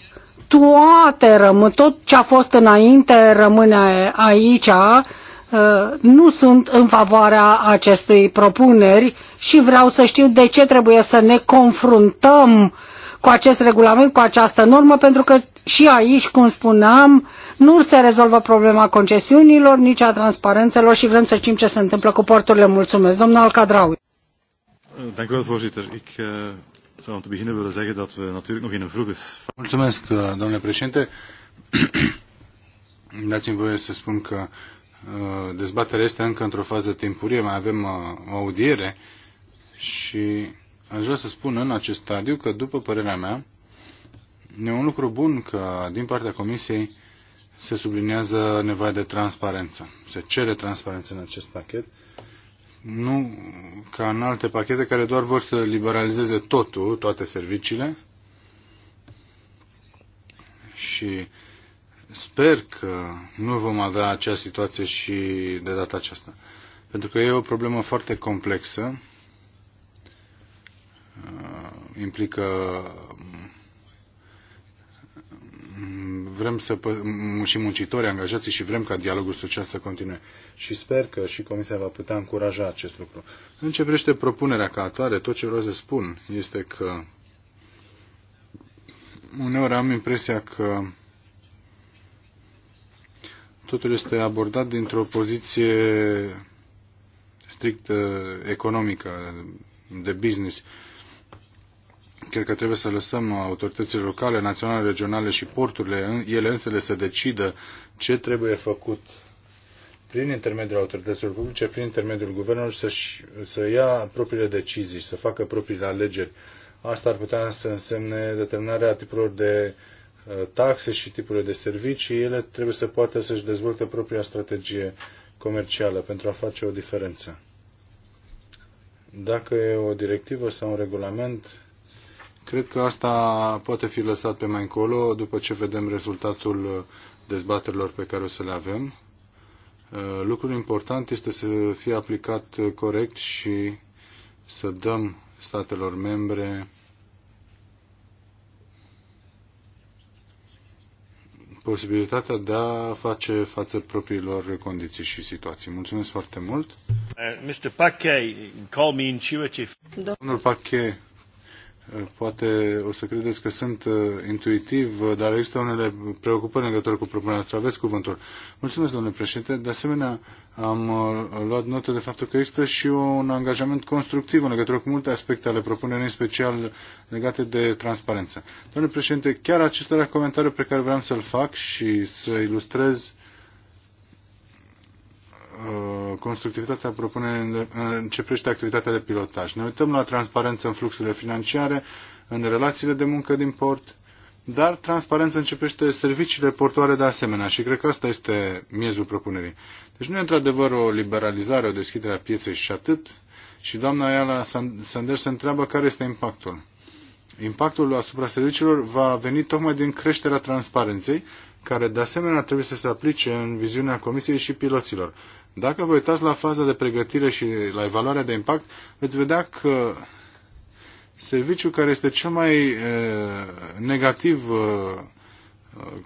toate rămân, tot ce a fost înainte rămâne aici, uh, nu sunt în favoarea acestui propuneri și vreau să știu de ce trebuie să ne confruntăm cu acest regulament, cu această normă, pentru că și aici, cum spuneam, nu se rezolvă problema concesiunilor, nici a transparențelor și vrem să știm ce se întâmplă cu porturile. Mulțumesc. Domnul Alcadraui zou om te beginnen willen zeggen dat we natuurlijk nog in een vroege... Mulțumesc, eh, domnule președinte. <clears throat> Dați-mi voie să spun că eh, dezbaterea este încă într-o fază timpurie, mai avem eh, o audiere și aș vrea să spun în acest stadiu că, după părerea mea, e un lucru bun că din partea Comisiei se subliniază nevoia de transparență. Se cere transparență în acest pachet nu ca în alte pachete care doar vor să liberalizeze totul, toate serviciile. Și sper că nu vom avea acea situație și de data aceasta. Pentru că e o problemă foarte complexă uh, implică vrem să și muncitori, angajații și vrem ca dialogul social să continue. Și sper că și Comisia va putea încuraja acest lucru. În ce privește propunerea ca atare, tot ce vreau să spun este că uneori am impresia că totul este abordat dintr-o poziție strict uh, economică, de business. Cred că trebuie să lăsăm autoritățile locale, naționale, regionale și porturile, ele însele să decidă ce trebuie făcut prin intermediul autorităților publice, prin intermediul guvernelor, să, să ia propriile decizii să facă propriile alegeri. Asta ar putea să însemne determinarea tipurilor de uh, taxe și tipurile de servicii. Ele trebuie să poată să-și dezvolte propria strategie comercială pentru a face o diferență. Dacă e o directivă sau un regulament, Cred că asta poate fi lăsat pe mai încolo după ce vedem rezultatul dezbaterilor pe care o să le avem. Uh, lucrul important este să fie aplicat corect și să dăm statelor membre posibilitatea de a face față propriilor condiții și situații. Mulțumesc foarte mult. Uh, Mr. Pache, call me intuitive. Domnul Pache Poate o să credeți că sunt uh, intuitiv, uh, dar există unele preocupări în legătură cu propunerea noastră. Aveți cuvântul. Mulțumesc, domnule președinte. De asemenea, am uh, luat notă de faptul că există și un angajament constructiv în legătură cu multe aspecte ale propunerii, în special legate de transparență. Domnule președinte, chiar acesta era comentariul pe care vreau să-l fac și să ilustrez Uh, constructivitatea propunerii uh, începește activitatea de pilotaj. Ne uităm la transparență în fluxurile financiare, în relațiile de muncă din port, dar transparență începește serviciile portoare de asemenea și cred că asta este miezul propunerii. Deci nu e într-adevăr o liberalizare, o deschidere a pieței și atât. Și doamna Ayala Sanders se întreabă care este impactul. Impactul asupra serviciilor va veni tocmai din creșterea transparenței care de asemenea ar trebui să se aplice în viziunea Comisiei și piloților. Dacă vă uitați la faza de pregătire și la evaluarea de impact, veți vedea că serviciul care este cel mai e, negativ e,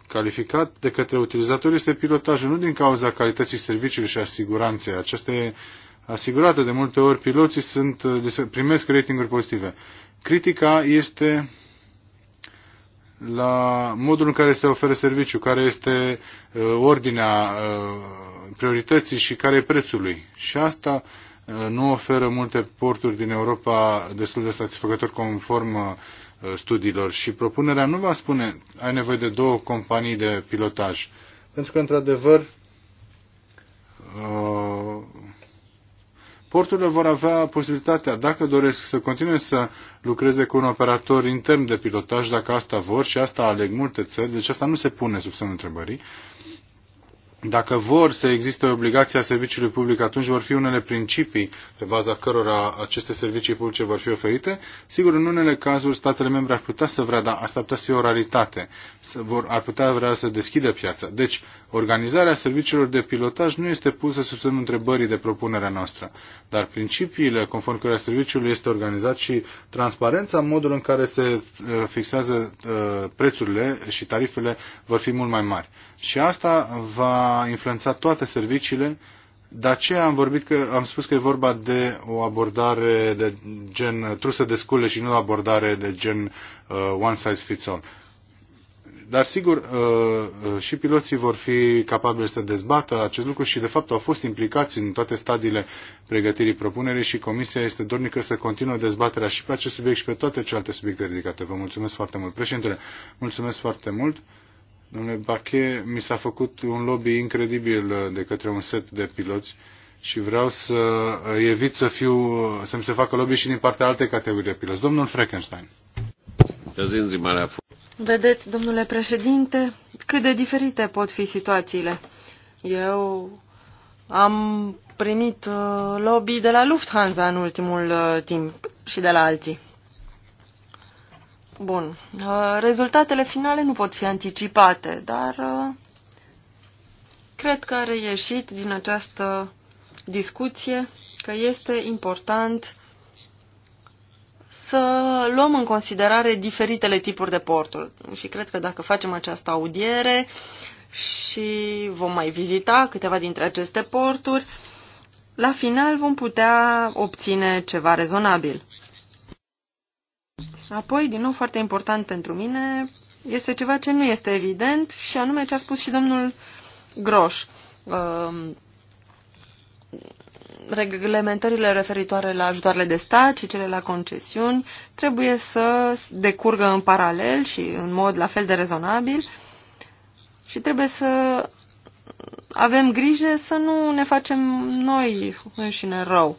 calificat de către utilizator este pilotajul, nu din cauza calității serviciului și a siguranței. Aceste asigurate de multe ori, piloții sunt, primesc ratinguri pozitive. Critica este la modul în care se oferă serviciu, care este uh, ordinea uh, priorității și care e prețul lui. Și asta uh, nu oferă multe porturi din Europa destul de satisfăcător conform studiilor și propunerea nu va spune ai nevoie de două companii de pilotaj. Pentru că, într-adevăr, porturile vor avea posibilitatea, dacă doresc, să continue să lucreze cu un operator intern de pilotaj, dacă asta vor și asta aleg multe țări, deci asta nu se pune sub semnul întrebării, dacă vor să existe obligația serviciului public, atunci vor fi unele principii pe baza cărora aceste servicii publice vor fi oferite. Sigur, în unele cazuri statele membre ar putea să vrea, dar asta ar putea să fie o raritate. Să vor, ar putea vrea să deschidă piața. Deci, organizarea serviciilor de pilotaj nu este pusă sub semnul întrebării de propunerea noastră. Dar principiile conform cărora serviciul este organizat și transparența, modul în care se uh, fixează uh, prețurile și tarifele vor fi mult mai mari. Și asta va influența toate serviciile. De aceea am vorbit că am spus că e vorba de o abordare de gen trusă de scule și nu o abordare de gen uh, one size fits all. Dar sigur, uh, uh, și piloții vor fi capabili să dezbată acest lucru și de fapt au fost implicați în toate stadiile pregătirii propunerii și Comisia este dornică să continue dezbaterea și pe acest subiect și pe toate celelalte subiecte ridicate. Vă mulțumesc foarte mult, președintele. Mulțumesc foarte mult. Domnule Bache, mi s-a făcut un lobby incredibil uh, de către un set de piloți și vreau să uh, evit să fiu, uh, să-mi se facă lobby și din partea alte categorii de piloți. Domnul Frankenstein. Vedeți, domnule președinte, cât de diferite pot fi situațiile. Eu am primit lobby de la Lufthansa în ultimul timp și de la alții. Bun. Uh, rezultatele finale nu pot fi anticipate, dar uh, cred că a reieșit din această discuție că este important să luăm în considerare diferitele tipuri de porturi. Și cred că dacă facem această audiere și vom mai vizita câteva dintre aceste porturi, la final vom putea obține ceva rezonabil. Apoi, din nou, foarte important pentru mine, este ceva ce nu este evident și anume ce a spus și domnul Groș. Uh, reglementările referitoare la ajutoarele de stat și cele la concesiuni trebuie să decurgă în paralel și în mod la fel de rezonabil și trebuie să avem grijă să nu ne facem noi înșine rău.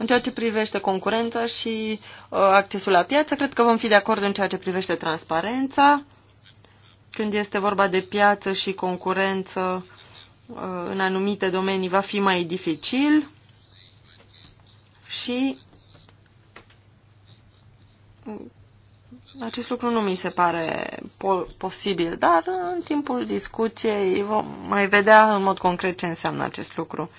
În ceea ce privește concurența și uh, accesul la piață, cred că vom fi de acord în ceea ce privește transparența. Când este vorba de piață și concurență uh, în anumite domenii, va fi mai dificil. Și uh, acest lucru nu mi se pare po posibil, dar uh, în timpul discuției vom mai vedea în mod concret ce înseamnă acest lucru.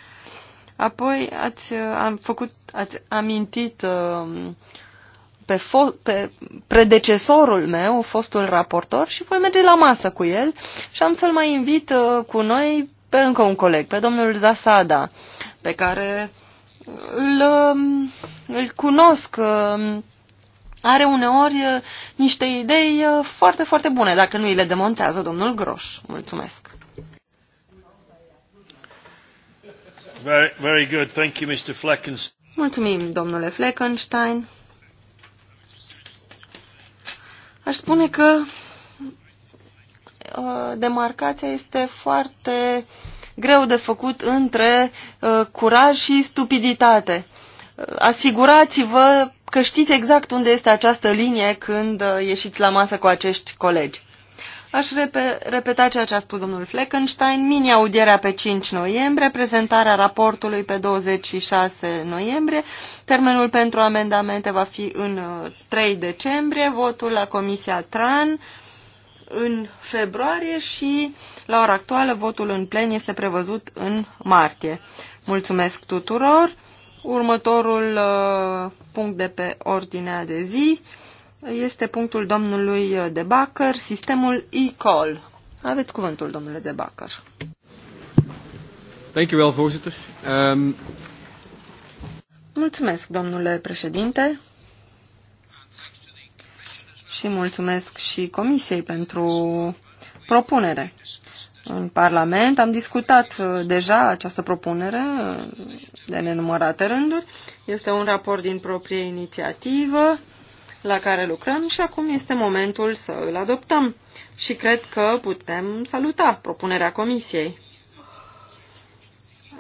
Apoi ați, uh, am făcut, ați amintit um, pe, fo, pe predecesorul meu, fostul raportor, și voi merge la masă cu el și am să-l mai invit uh, cu noi pe încă un coleg, pe domnul Zasada, pe care îl, um, îl cunosc. Um, are uneori uh, niște idei foarte, foarte bune, dacă nu îi le demontează domnul Groș. Mulțumesc! Very, very good. Thank you, Mr. Mulțumim, domnule Fleckenstein. Aș spune că uh, demarcația este foarte greu de făcut între uh, curaj și stupiditate. Uh, Asigurați-vă că știți exact unde este această linie când uh, ieșiți la masă cu acești colegi. Aș repeta ceea ce a spus domnul Fleckenstein, mini-audierea pe 5 noiembrie, prezentarea raportului pe 26 noiembrie, termenul pentru amendamente va fi în 3 uh, decembrie, votul la Comisia TRAN în februarie și, la ora actuală, votul în plen este prevăzut în martie. Mulțumesc tuturor! Următorul uh, punct de pe ordinea de zi este punctul domnului De Bacăr, sistemul e-call. Aveți cuvântul, domnule De Bacăr. Thank you well, voorzitter. Um... Mulțumesc, domnule președinte. Și mulțumesc și Comisiei pentru propunere. În Parlament am discutat uh, deja această propunere uh, de nenumărate rânduri. Este un raport din proprie inițiativă la care lucrăm și acum este momentul să îl adoptăm și cred că putem saluta propunerea Comisiei.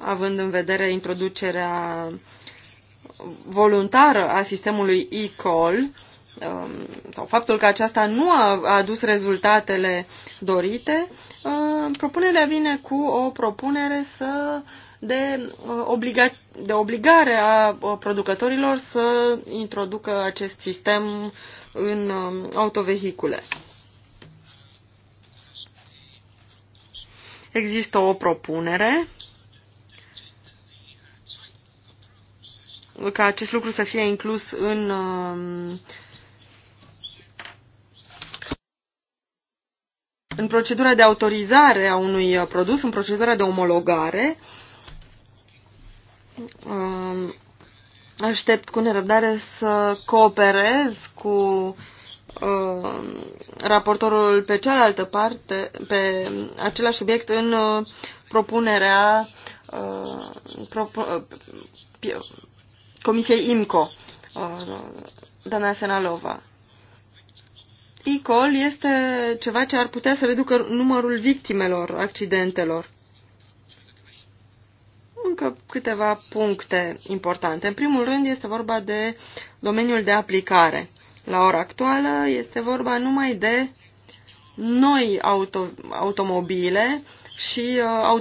Având în vedere introducerea voluntară a sistemului e-call um, sau faptul că aceasta nu a adus rezultatele dorite, uh, propunerea vine cu o propunere să de, uh, obliga de obligare a uh, producătorilor să introducă acest sistem în um, autovehicule. Există o propunere ca acest lucru să fie inclus în um, în procedura de autorizare a unui uh, produs, în procedura de omologare Um, aștept cu nerăbdare să cooperez cu um, raportorul pe cealaltă parte, pe același subiect în uh, propunerea uh, uh, Comisiei IMCO, doamna Senalova. ICOL este ceva ce ar putea să reducă numărul victimelor accidentelor încă câteva puncte importante. În primul rând este vorba de domeniul de aplicare. La ora actuală este vorba numai de noi auto, automobile și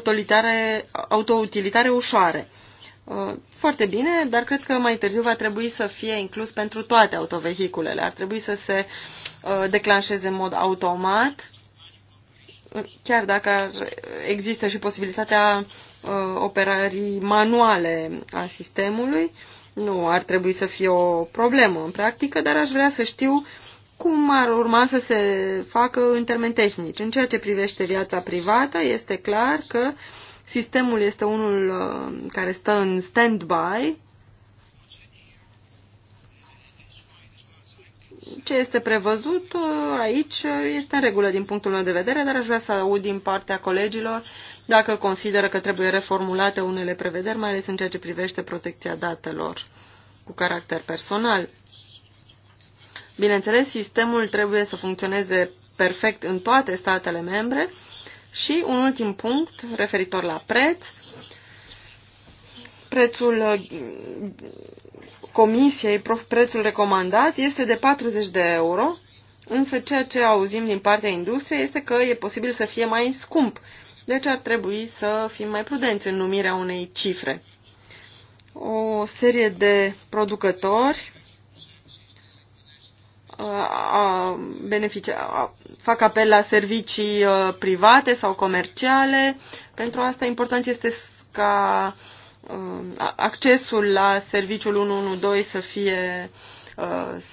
uh, autoutilitare, ușoare. Uh, foarte bine, dar cred că mai târziu va trebui să fie inclus pentru toate autovehiculele. Ar trebui să se uh, declanșeze în mod automat, chiar dacă există și posibilitatea Uh, operării manuale a sistemului. Nu ar trebui să fie o problemă în practică, dar aș vrea să știu cum ar urma să se facă în termeni tehnici. În ceea ce privește viața privată, este clar că sistemul este unul uh, care stă în stand-by, ce este prevăzut uh, aici este în regulă din punctul meu de vedere, dar aș vrea să aud din partea colegilor dacă consideră că trebuie reformulate unele prevederi, mai ales în ceea ce privește protecția datelor cu caracter personal. Bineînțeles, sistemul trebuie să funcționeze perfect în toate statele membre și un ultim punct referitor la preț. Prețul comisiei, prețul recomandat este de 40 de euro, însă ceea ce auzim din partea industriei este că e posibil să fie mai scump deci ar trebui să fim mai prudenți în numirea unei cifre. O serie de producători uh, a beneficia, a, fac apel la servicii uh, private sau comerciale. Pentru asta important este ca uh, accesul la serviciul 112 să fie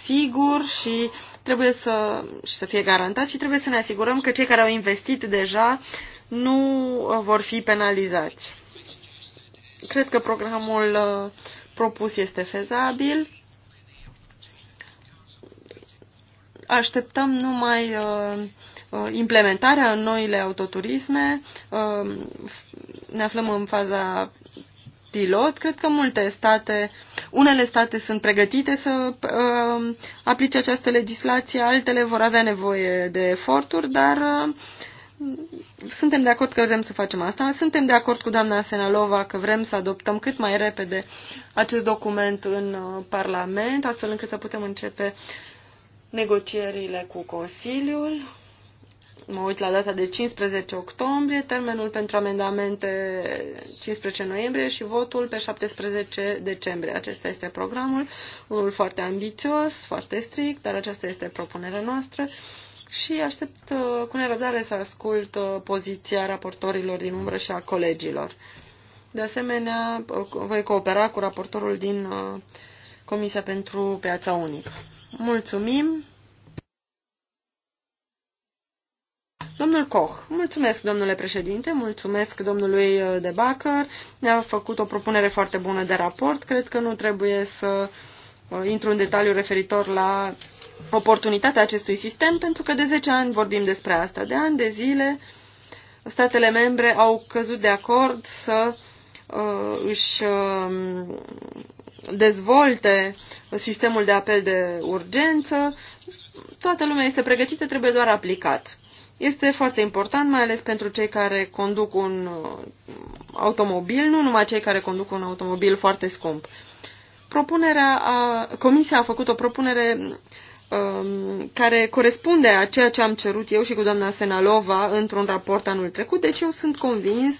sigur și trebuie să, și să fie garantat și trebuie să ne asigurăm că cei care au investit deja nu vor fi penalizați. Cred că programul uh, propus este fezabil. Așteptăm numai uh, uh, implementarea în noile autoturisme. Ne aflăm în faza pilot. Cred că multe state, unele state sunt pregătite să aplice această legislație, altele vor avea nevoie de eforturi, dar suntem de acord că vrem să facem asta. Suntem de acord cu doamna Senalova că vrem să adoptăm cât mai repede acest document în uh, Parlament, astfel încât să putem începe negocierile cu Consiliul. Mă uit la data de 15 octombrie, termenul pentru amendamente 15 noiembrie și votul pe 17 decembrie. Acesta este programul, unul foarte ambițios, foarte strict, dar aceasta este propunerea noastră și aștept uh, cu nerăbdare să ascult uh, poziția raportorilor din umbră și a colegilor. De asemenea, voi coopera cu raportorul din uh, Comisia pentru Piața Unică. Mulțumim! Domnul Koch, mulțumesc, domnule președinte, mulțumesc domnului De Bacăr. Ne-a făcut o propunere foarte bună de raport. Cred că nu trebuie să intru în detaliu referitor la oportunitatea acestui sistem, pentru că de 10 ani vorbim despre asta. De ani de zile, statele membre au căzut de acord să uh, își uh, dezvolte sistemul de apel de urgență. Toată lumea este pregătită, trebuie doar aplicat. Este foarte important, mai ales pentru cei care conduc un uh, automobil, nu numai cei care conduc un automobil foarte scump. Propunerea a, Comisia a făcut o propunere Um, care corespunde a ceea ce am cerut eu și cu doamna Senalova într-un raport anul trecut, deci eu sunt convins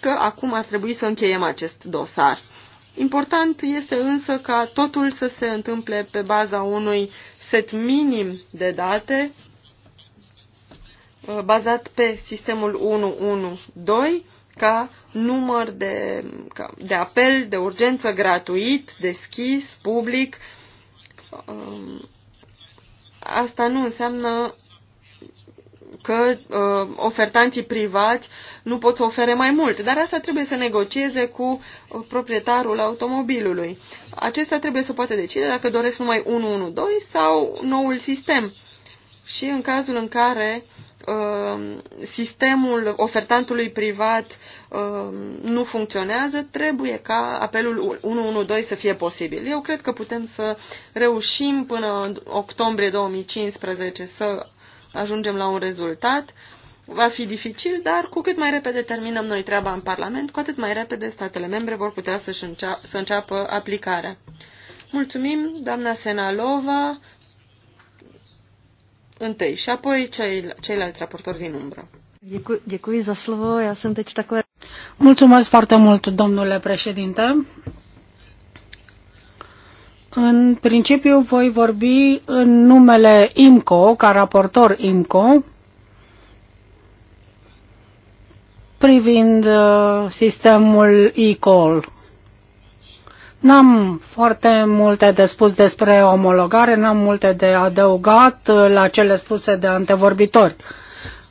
că acum ar trebui să încheiem acest dosar. Important este însă ca totul să se întâmple pe baza unui set minim de date uh, bazat pe sistemul 112 ca număr de, ca, de apel de urgență gratuit, deschis, public, um, asta nu înseamnă că uh, ofertanții privați nu pot să ofere mai mult, dar asta trebuie să negocieze cu uh, proprietarul automobilului. Acesta trebuie să poată decide dacă doresc numai 112 sau noul sistem. Și în cazul în care uh, Um, sistemul ofertantului privat um, nu funcționează, trebuie ca apelul 112 să fie posibil. Eu cred că putem să reușim până în octombrie 2015 să ajungem la un rezultat. Va fi dificil, dar cu cât mai repede terminăm noi treaba în Parlament, cu atât mai repede statele membre vor putea să înceapă aplicarea. Mulțumim, doamna Senalova, întâi și apoi ceilalți raportori din umbră. Mulțumesc foarte mult, domnule președinte. În principiu voi vorbi în numele IMCO, ca raportor IMCO, privind uh, sistemul e-call. N-am foarte multe de spus despre omologare, n-am multe de adăugat la cele spuse de antevorbitori.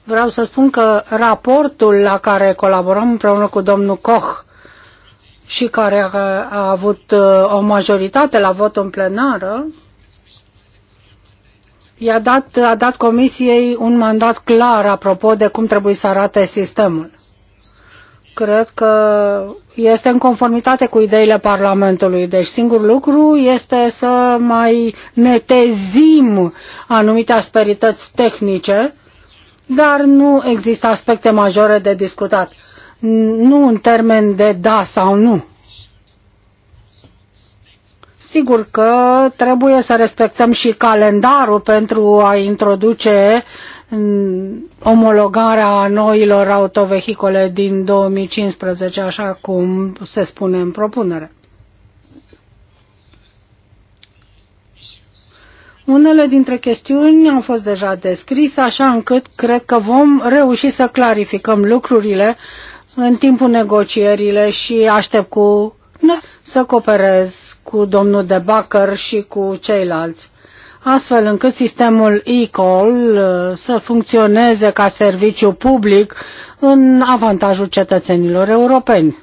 Vreau să spun că raportul la care colaborăm împreună cu domnul Koch și care a avut uh, o majoritate la vot în plenară, i-a dat, a dat Comisiei un mandat clar apropo de cum trebuie să arate sistemul cred că este în conformitate cu ideile Parlamentului. Deci singurul lucru este să mai netezim anumite asperități tehnice, dar nu există aspecte majore de discutat. Nu în termen de da sau nu. Sigur că trebuie să respectăm și calendarul pentru a introduce uh, omologarea noilor autovehicole din 2015, așa cum se spune în propunere. Unele dintre chestiuni au fost deja descrise, așa încât cred că vom reuși să clarificăm lucrurile în timpul negocierile și aștept cu să cooperez cu domnul De Bacăr și cu ceilalți astfel încât sistemul e-call uh, să funcționeze ca serviciu public în avantajul cetățenilor europeni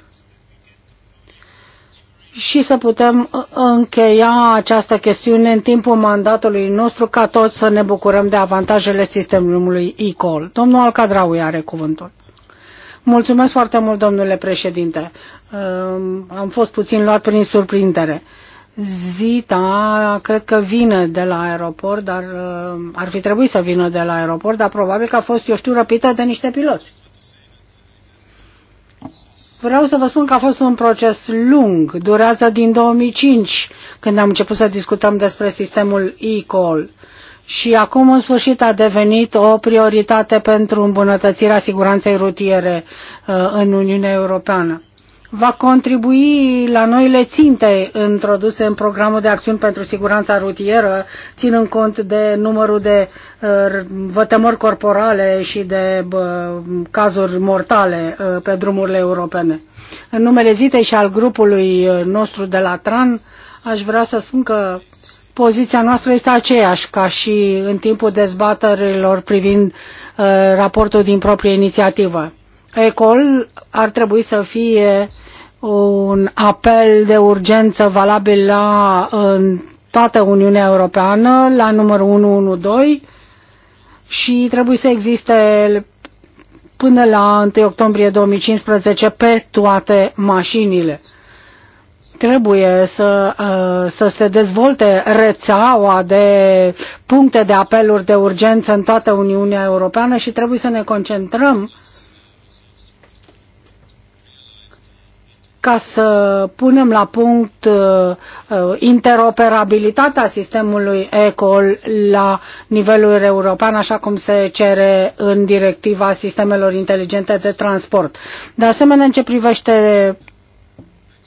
și să putem uh, încheia această chestiune în timpul mandatului nostru ca toți să ne bucurăm de avantajele sistemului e-call. Domnul Alcadraui are cuvântul. Mulțumesc foarte mult, domnule președinte. Uh, am fost puțin luat prin surprindere. Zita, da, cred că vine de la aeroport, dar uh, ar fi trebuit să vină de la aeroport, dar probabil că a fost, eu știu, răpită de niște piloți. Vreau să vă spun că a fost un proces lung, durează din 2005, când am început să discutăm despre sistemul e-call. Și acum, în sfârșit, a devenit o prioritate pentru îmbunătățirea siguranței rutiere uh, în Uniunea Europeană va contribui la noile ținte introduse în programul de acțiuni pentru siguranța rutieră, ținând cont de numărul de uh, vătămări corporale și de cazuri mortale uh, pe drumurile europene. În numele Zitei și al grupului uh, nostru de la TRAN, aș vrea să spun că poziția noastră este aceeași ca și în timpul dezbaterilor privind raportul din proprie inițiativă. ECOL ar trebui să fie un apel de urgență valabil la în toată Uniunea Europeană, la numărul 112 și trebuie să existe până la 1 octombrie 2015 pe toate mașinile. Trebuie să, uh, să se dezvolte rețeaua de puncte de apeluri de urgență în toată Uniunea Europeană și trebuie să ne concentrăm uh, ca să punem la punct uh, uh, interoperabilitatea sistemului ECOL la nivelul european, așa cum se cere în directiva sistemelor inteligente de transport. De asemenea, în ce privește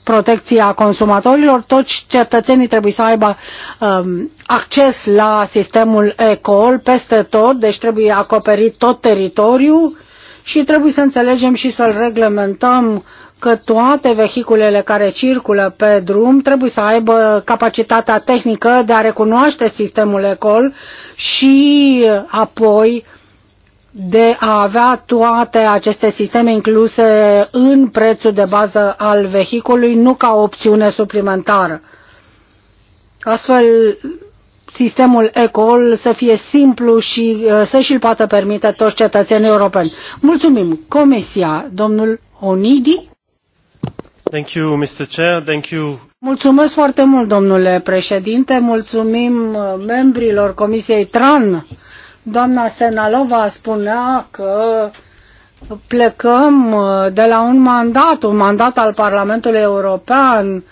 protecția consumatorilor, toți cetățenii trebuie să aibă um, acces la sistemul ECOL peste tot, deci trebuie acoperit tot teritoriul și trebuie să înțelegem și să-l reglementăm că toate vehiculele care circulă pe drum trebuie să aibă capacitatea tehnică de a recunoaște sistemul ECOL și apoi de a avea toate aceste sisteme incluse în prețul de bază al vehicului, nu ca opțiune suplimentară. Astfel, sistemul ECOL să fie simplu și uh, să și-l poată permite toți cetățenii europeni. Mulțumim. Comisia, domnul Onidi. Mulțumesc foarte mult, domnule președinte. Mulțumim uh, membrilor Comisiei TRAN. Doamna Senalova spunea că plecăm uh, de la un mandat, un mandat al Parlamentului European,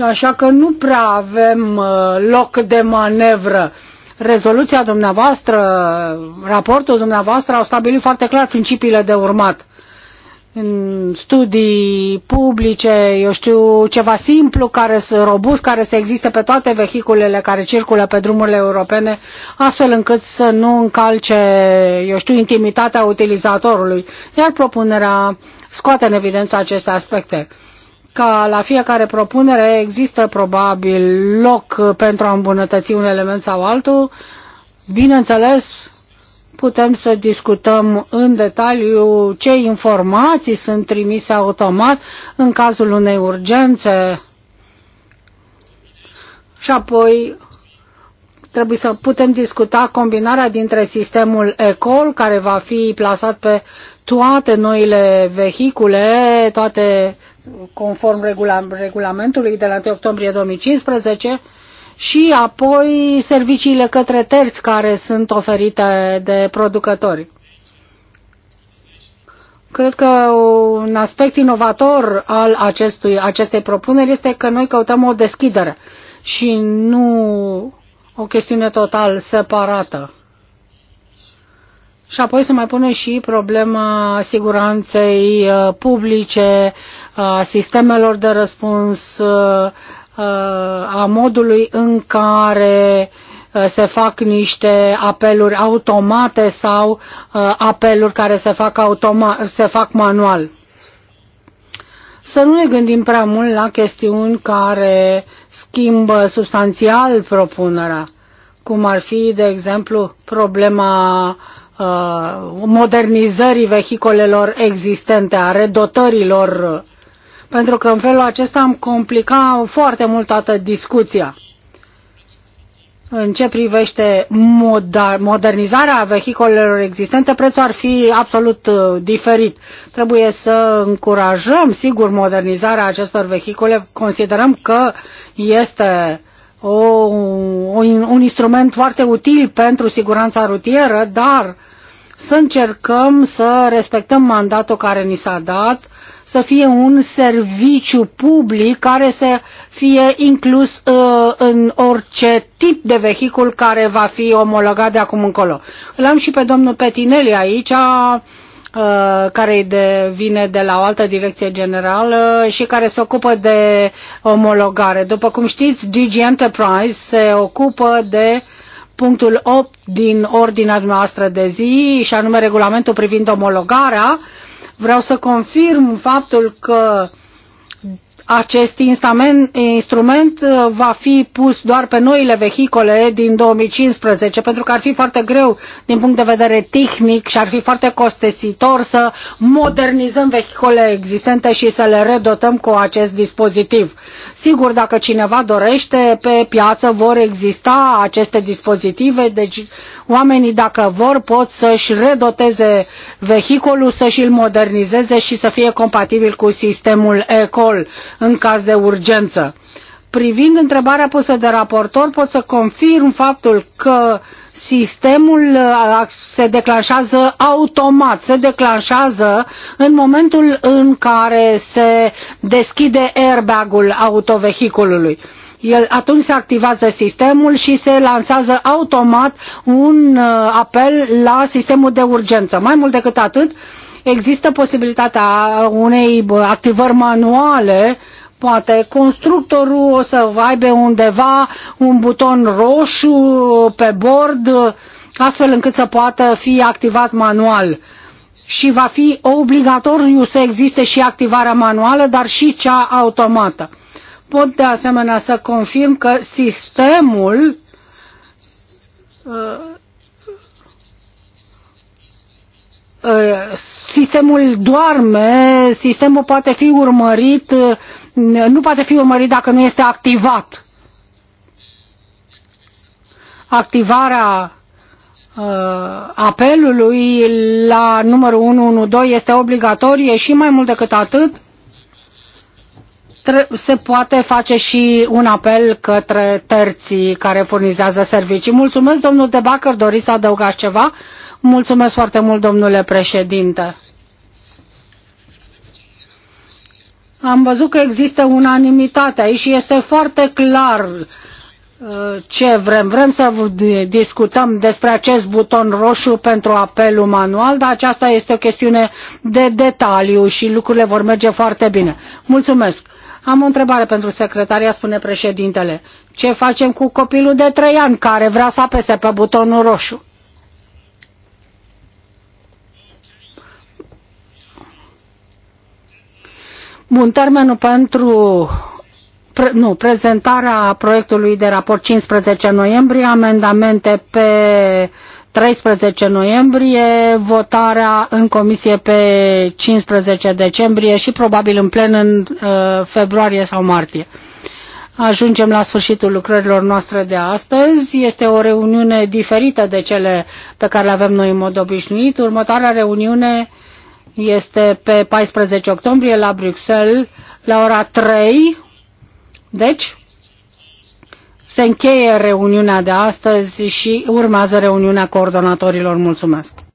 așa că nu prea avem uh, loc de manevră. Rezoluția dumneavoastră, raportul dumneavoastră au stabilit foarte clar principiile de urmat în studii publice, eu știu, ceva simplu, care sunt robust, care să existe pe toate vehiculele care circulă pe drumurile europene, astfel încât să nu încalce, eu știu, intimitatea utilizatorului. Iar propunerea scoate în evidență aceste aspecte. Ca la fiecare propunere există probabil loc pentru a îmbunătăți un element sau altul, bineînțeles, putem să discutăm în detaliu ce informații sunt trimise automat în cazul unei urgențe și apoi trebuie să putem discuta combinarea dintre sistemul ECOL, care va fi plasat pe toate noile vehicule, toate conform regula, regulamentului de la 1 octombrie 2015, și apoi serviciile către terți care sunt oferite de producători. Cred că un aspect inovator al acestui, acestei propuneri este că noi căutăm o deschidere și nu o chestiune total separată. Și apoi se mai pune și problema siguranței uh, publice, a uh, sistemelor de răspuns uh, Uh, a modului în care uh, se fac niște apeluri automate sau uh, apeluri care se fac, automat se fac manual. Să nu ne gândim prea mult la chestiuni care schimbă substanțial propunerea, cum ar fi, de exemplu, problema modernizării vehicolelor existente, a redotărilor pentru că în felul acesta am complicat foarte mult toată discuția. În ce privește modernizarea vehicolelor existente, prețul ar fi absolut uh, diferit. Trebuie să încurajăm, sigur, modernizarea acestor vehicule. Considerăm că este o, un, un instrument foarte util pentru siguranța rutieră, dar să încercăm să respectăm mandatul care ni s-a dat să fie un serviciu public care să fie inclus uh, în orice tip de vehicul care va fi omologat de acum încolo. Îl am și pe domnul Petinelli aici, uh, care de, vine de la o altă direcție generală și care se ocupă de omologare. După cum știți, DG Enterprise se ocupă de punctul 8 din ordinea noastră de zi și anume regulamentul privind omologarea uh, Vreau să confirm faptul că acest instrument, uh, va fi pus doar pe noile vehicule din 2015, pentru că ar fi foarte greu din punct de vedere tehnic și ar fi foarte costisitor să modernizăm vehiculele existente și să le redotăm cu acest dispozitiv. Sigur, dacă cineva dorește, pe piață vor exista aceste dispozitive, deci oamenii, dacă vor, pot să-și redoteze vehiculul, să-și îl modernizeze și să fie compatibil cu sistemul ECOL în caz de urgență. Privind întrebarea pusă de raportor, pot să confirm faptul că sistemul uh, se declanșează automat, se declanșează în momentul în care se deschide airbag-ul autovehiculului. El, atunci se activează sistemul și se lansează automat un uh, apel la sistemul de urgență. Mai mult decât atât, Există posibilitatea unei activări manuale poate constructorul o să aibă undeva un buton roșu pe bord, astfel încât să poată fi activat manual. Și va fi obligatoriu să existe și activarea manuală, dar și cea automată. Pot de asemenea să confirm că sistemul ă, Eh, sistemul doarme, sistemul poate fi urmărit, eh, nu poate fi urmărit dacă nu este activat. Activarea eh, apelului la numărul 112 este obligatorie și mai mult decât atât se poate face și un apel către terții care furnizează servicii. Mulțumesc, domnul Debacăr, doriți să adăugați ceva? Mulțumesc foarte mult, domnule președinte. Am văzut că există unanimitate aici și este foarte clar uh, ce vrem. Vrem să discutăm despre acest buton roșu pentru apelul manual, dar aceasta este o chestiune de detaliu și lucrurile vor merge foarte bine. Mulțumesc. Am o întrebare pentru secretaria, spune președintele. Ce facem cu copilul de trei ani care vrea să apese pe butonul roșu? Bun, termenul pentru pre, nu, prezentarea proiectului de raport 15 noiembrie, amendamente pe 13 noiembrie, votarea în comisie pe 15 decembrie și probabil în plen în uh, februarie sau martie. Ajungem la sfârșitul lucrărilor noastre de astăzi. Este o reuniune diferită de cele pe care le avem noi în mod obișnuit. Următoarea reuniune este pe 14 octombrie la Bruxelles la ora 3. Deci, se încheie reuniunea de astăzi și urmează reuniunea coordonatorilor. Mulțumesc!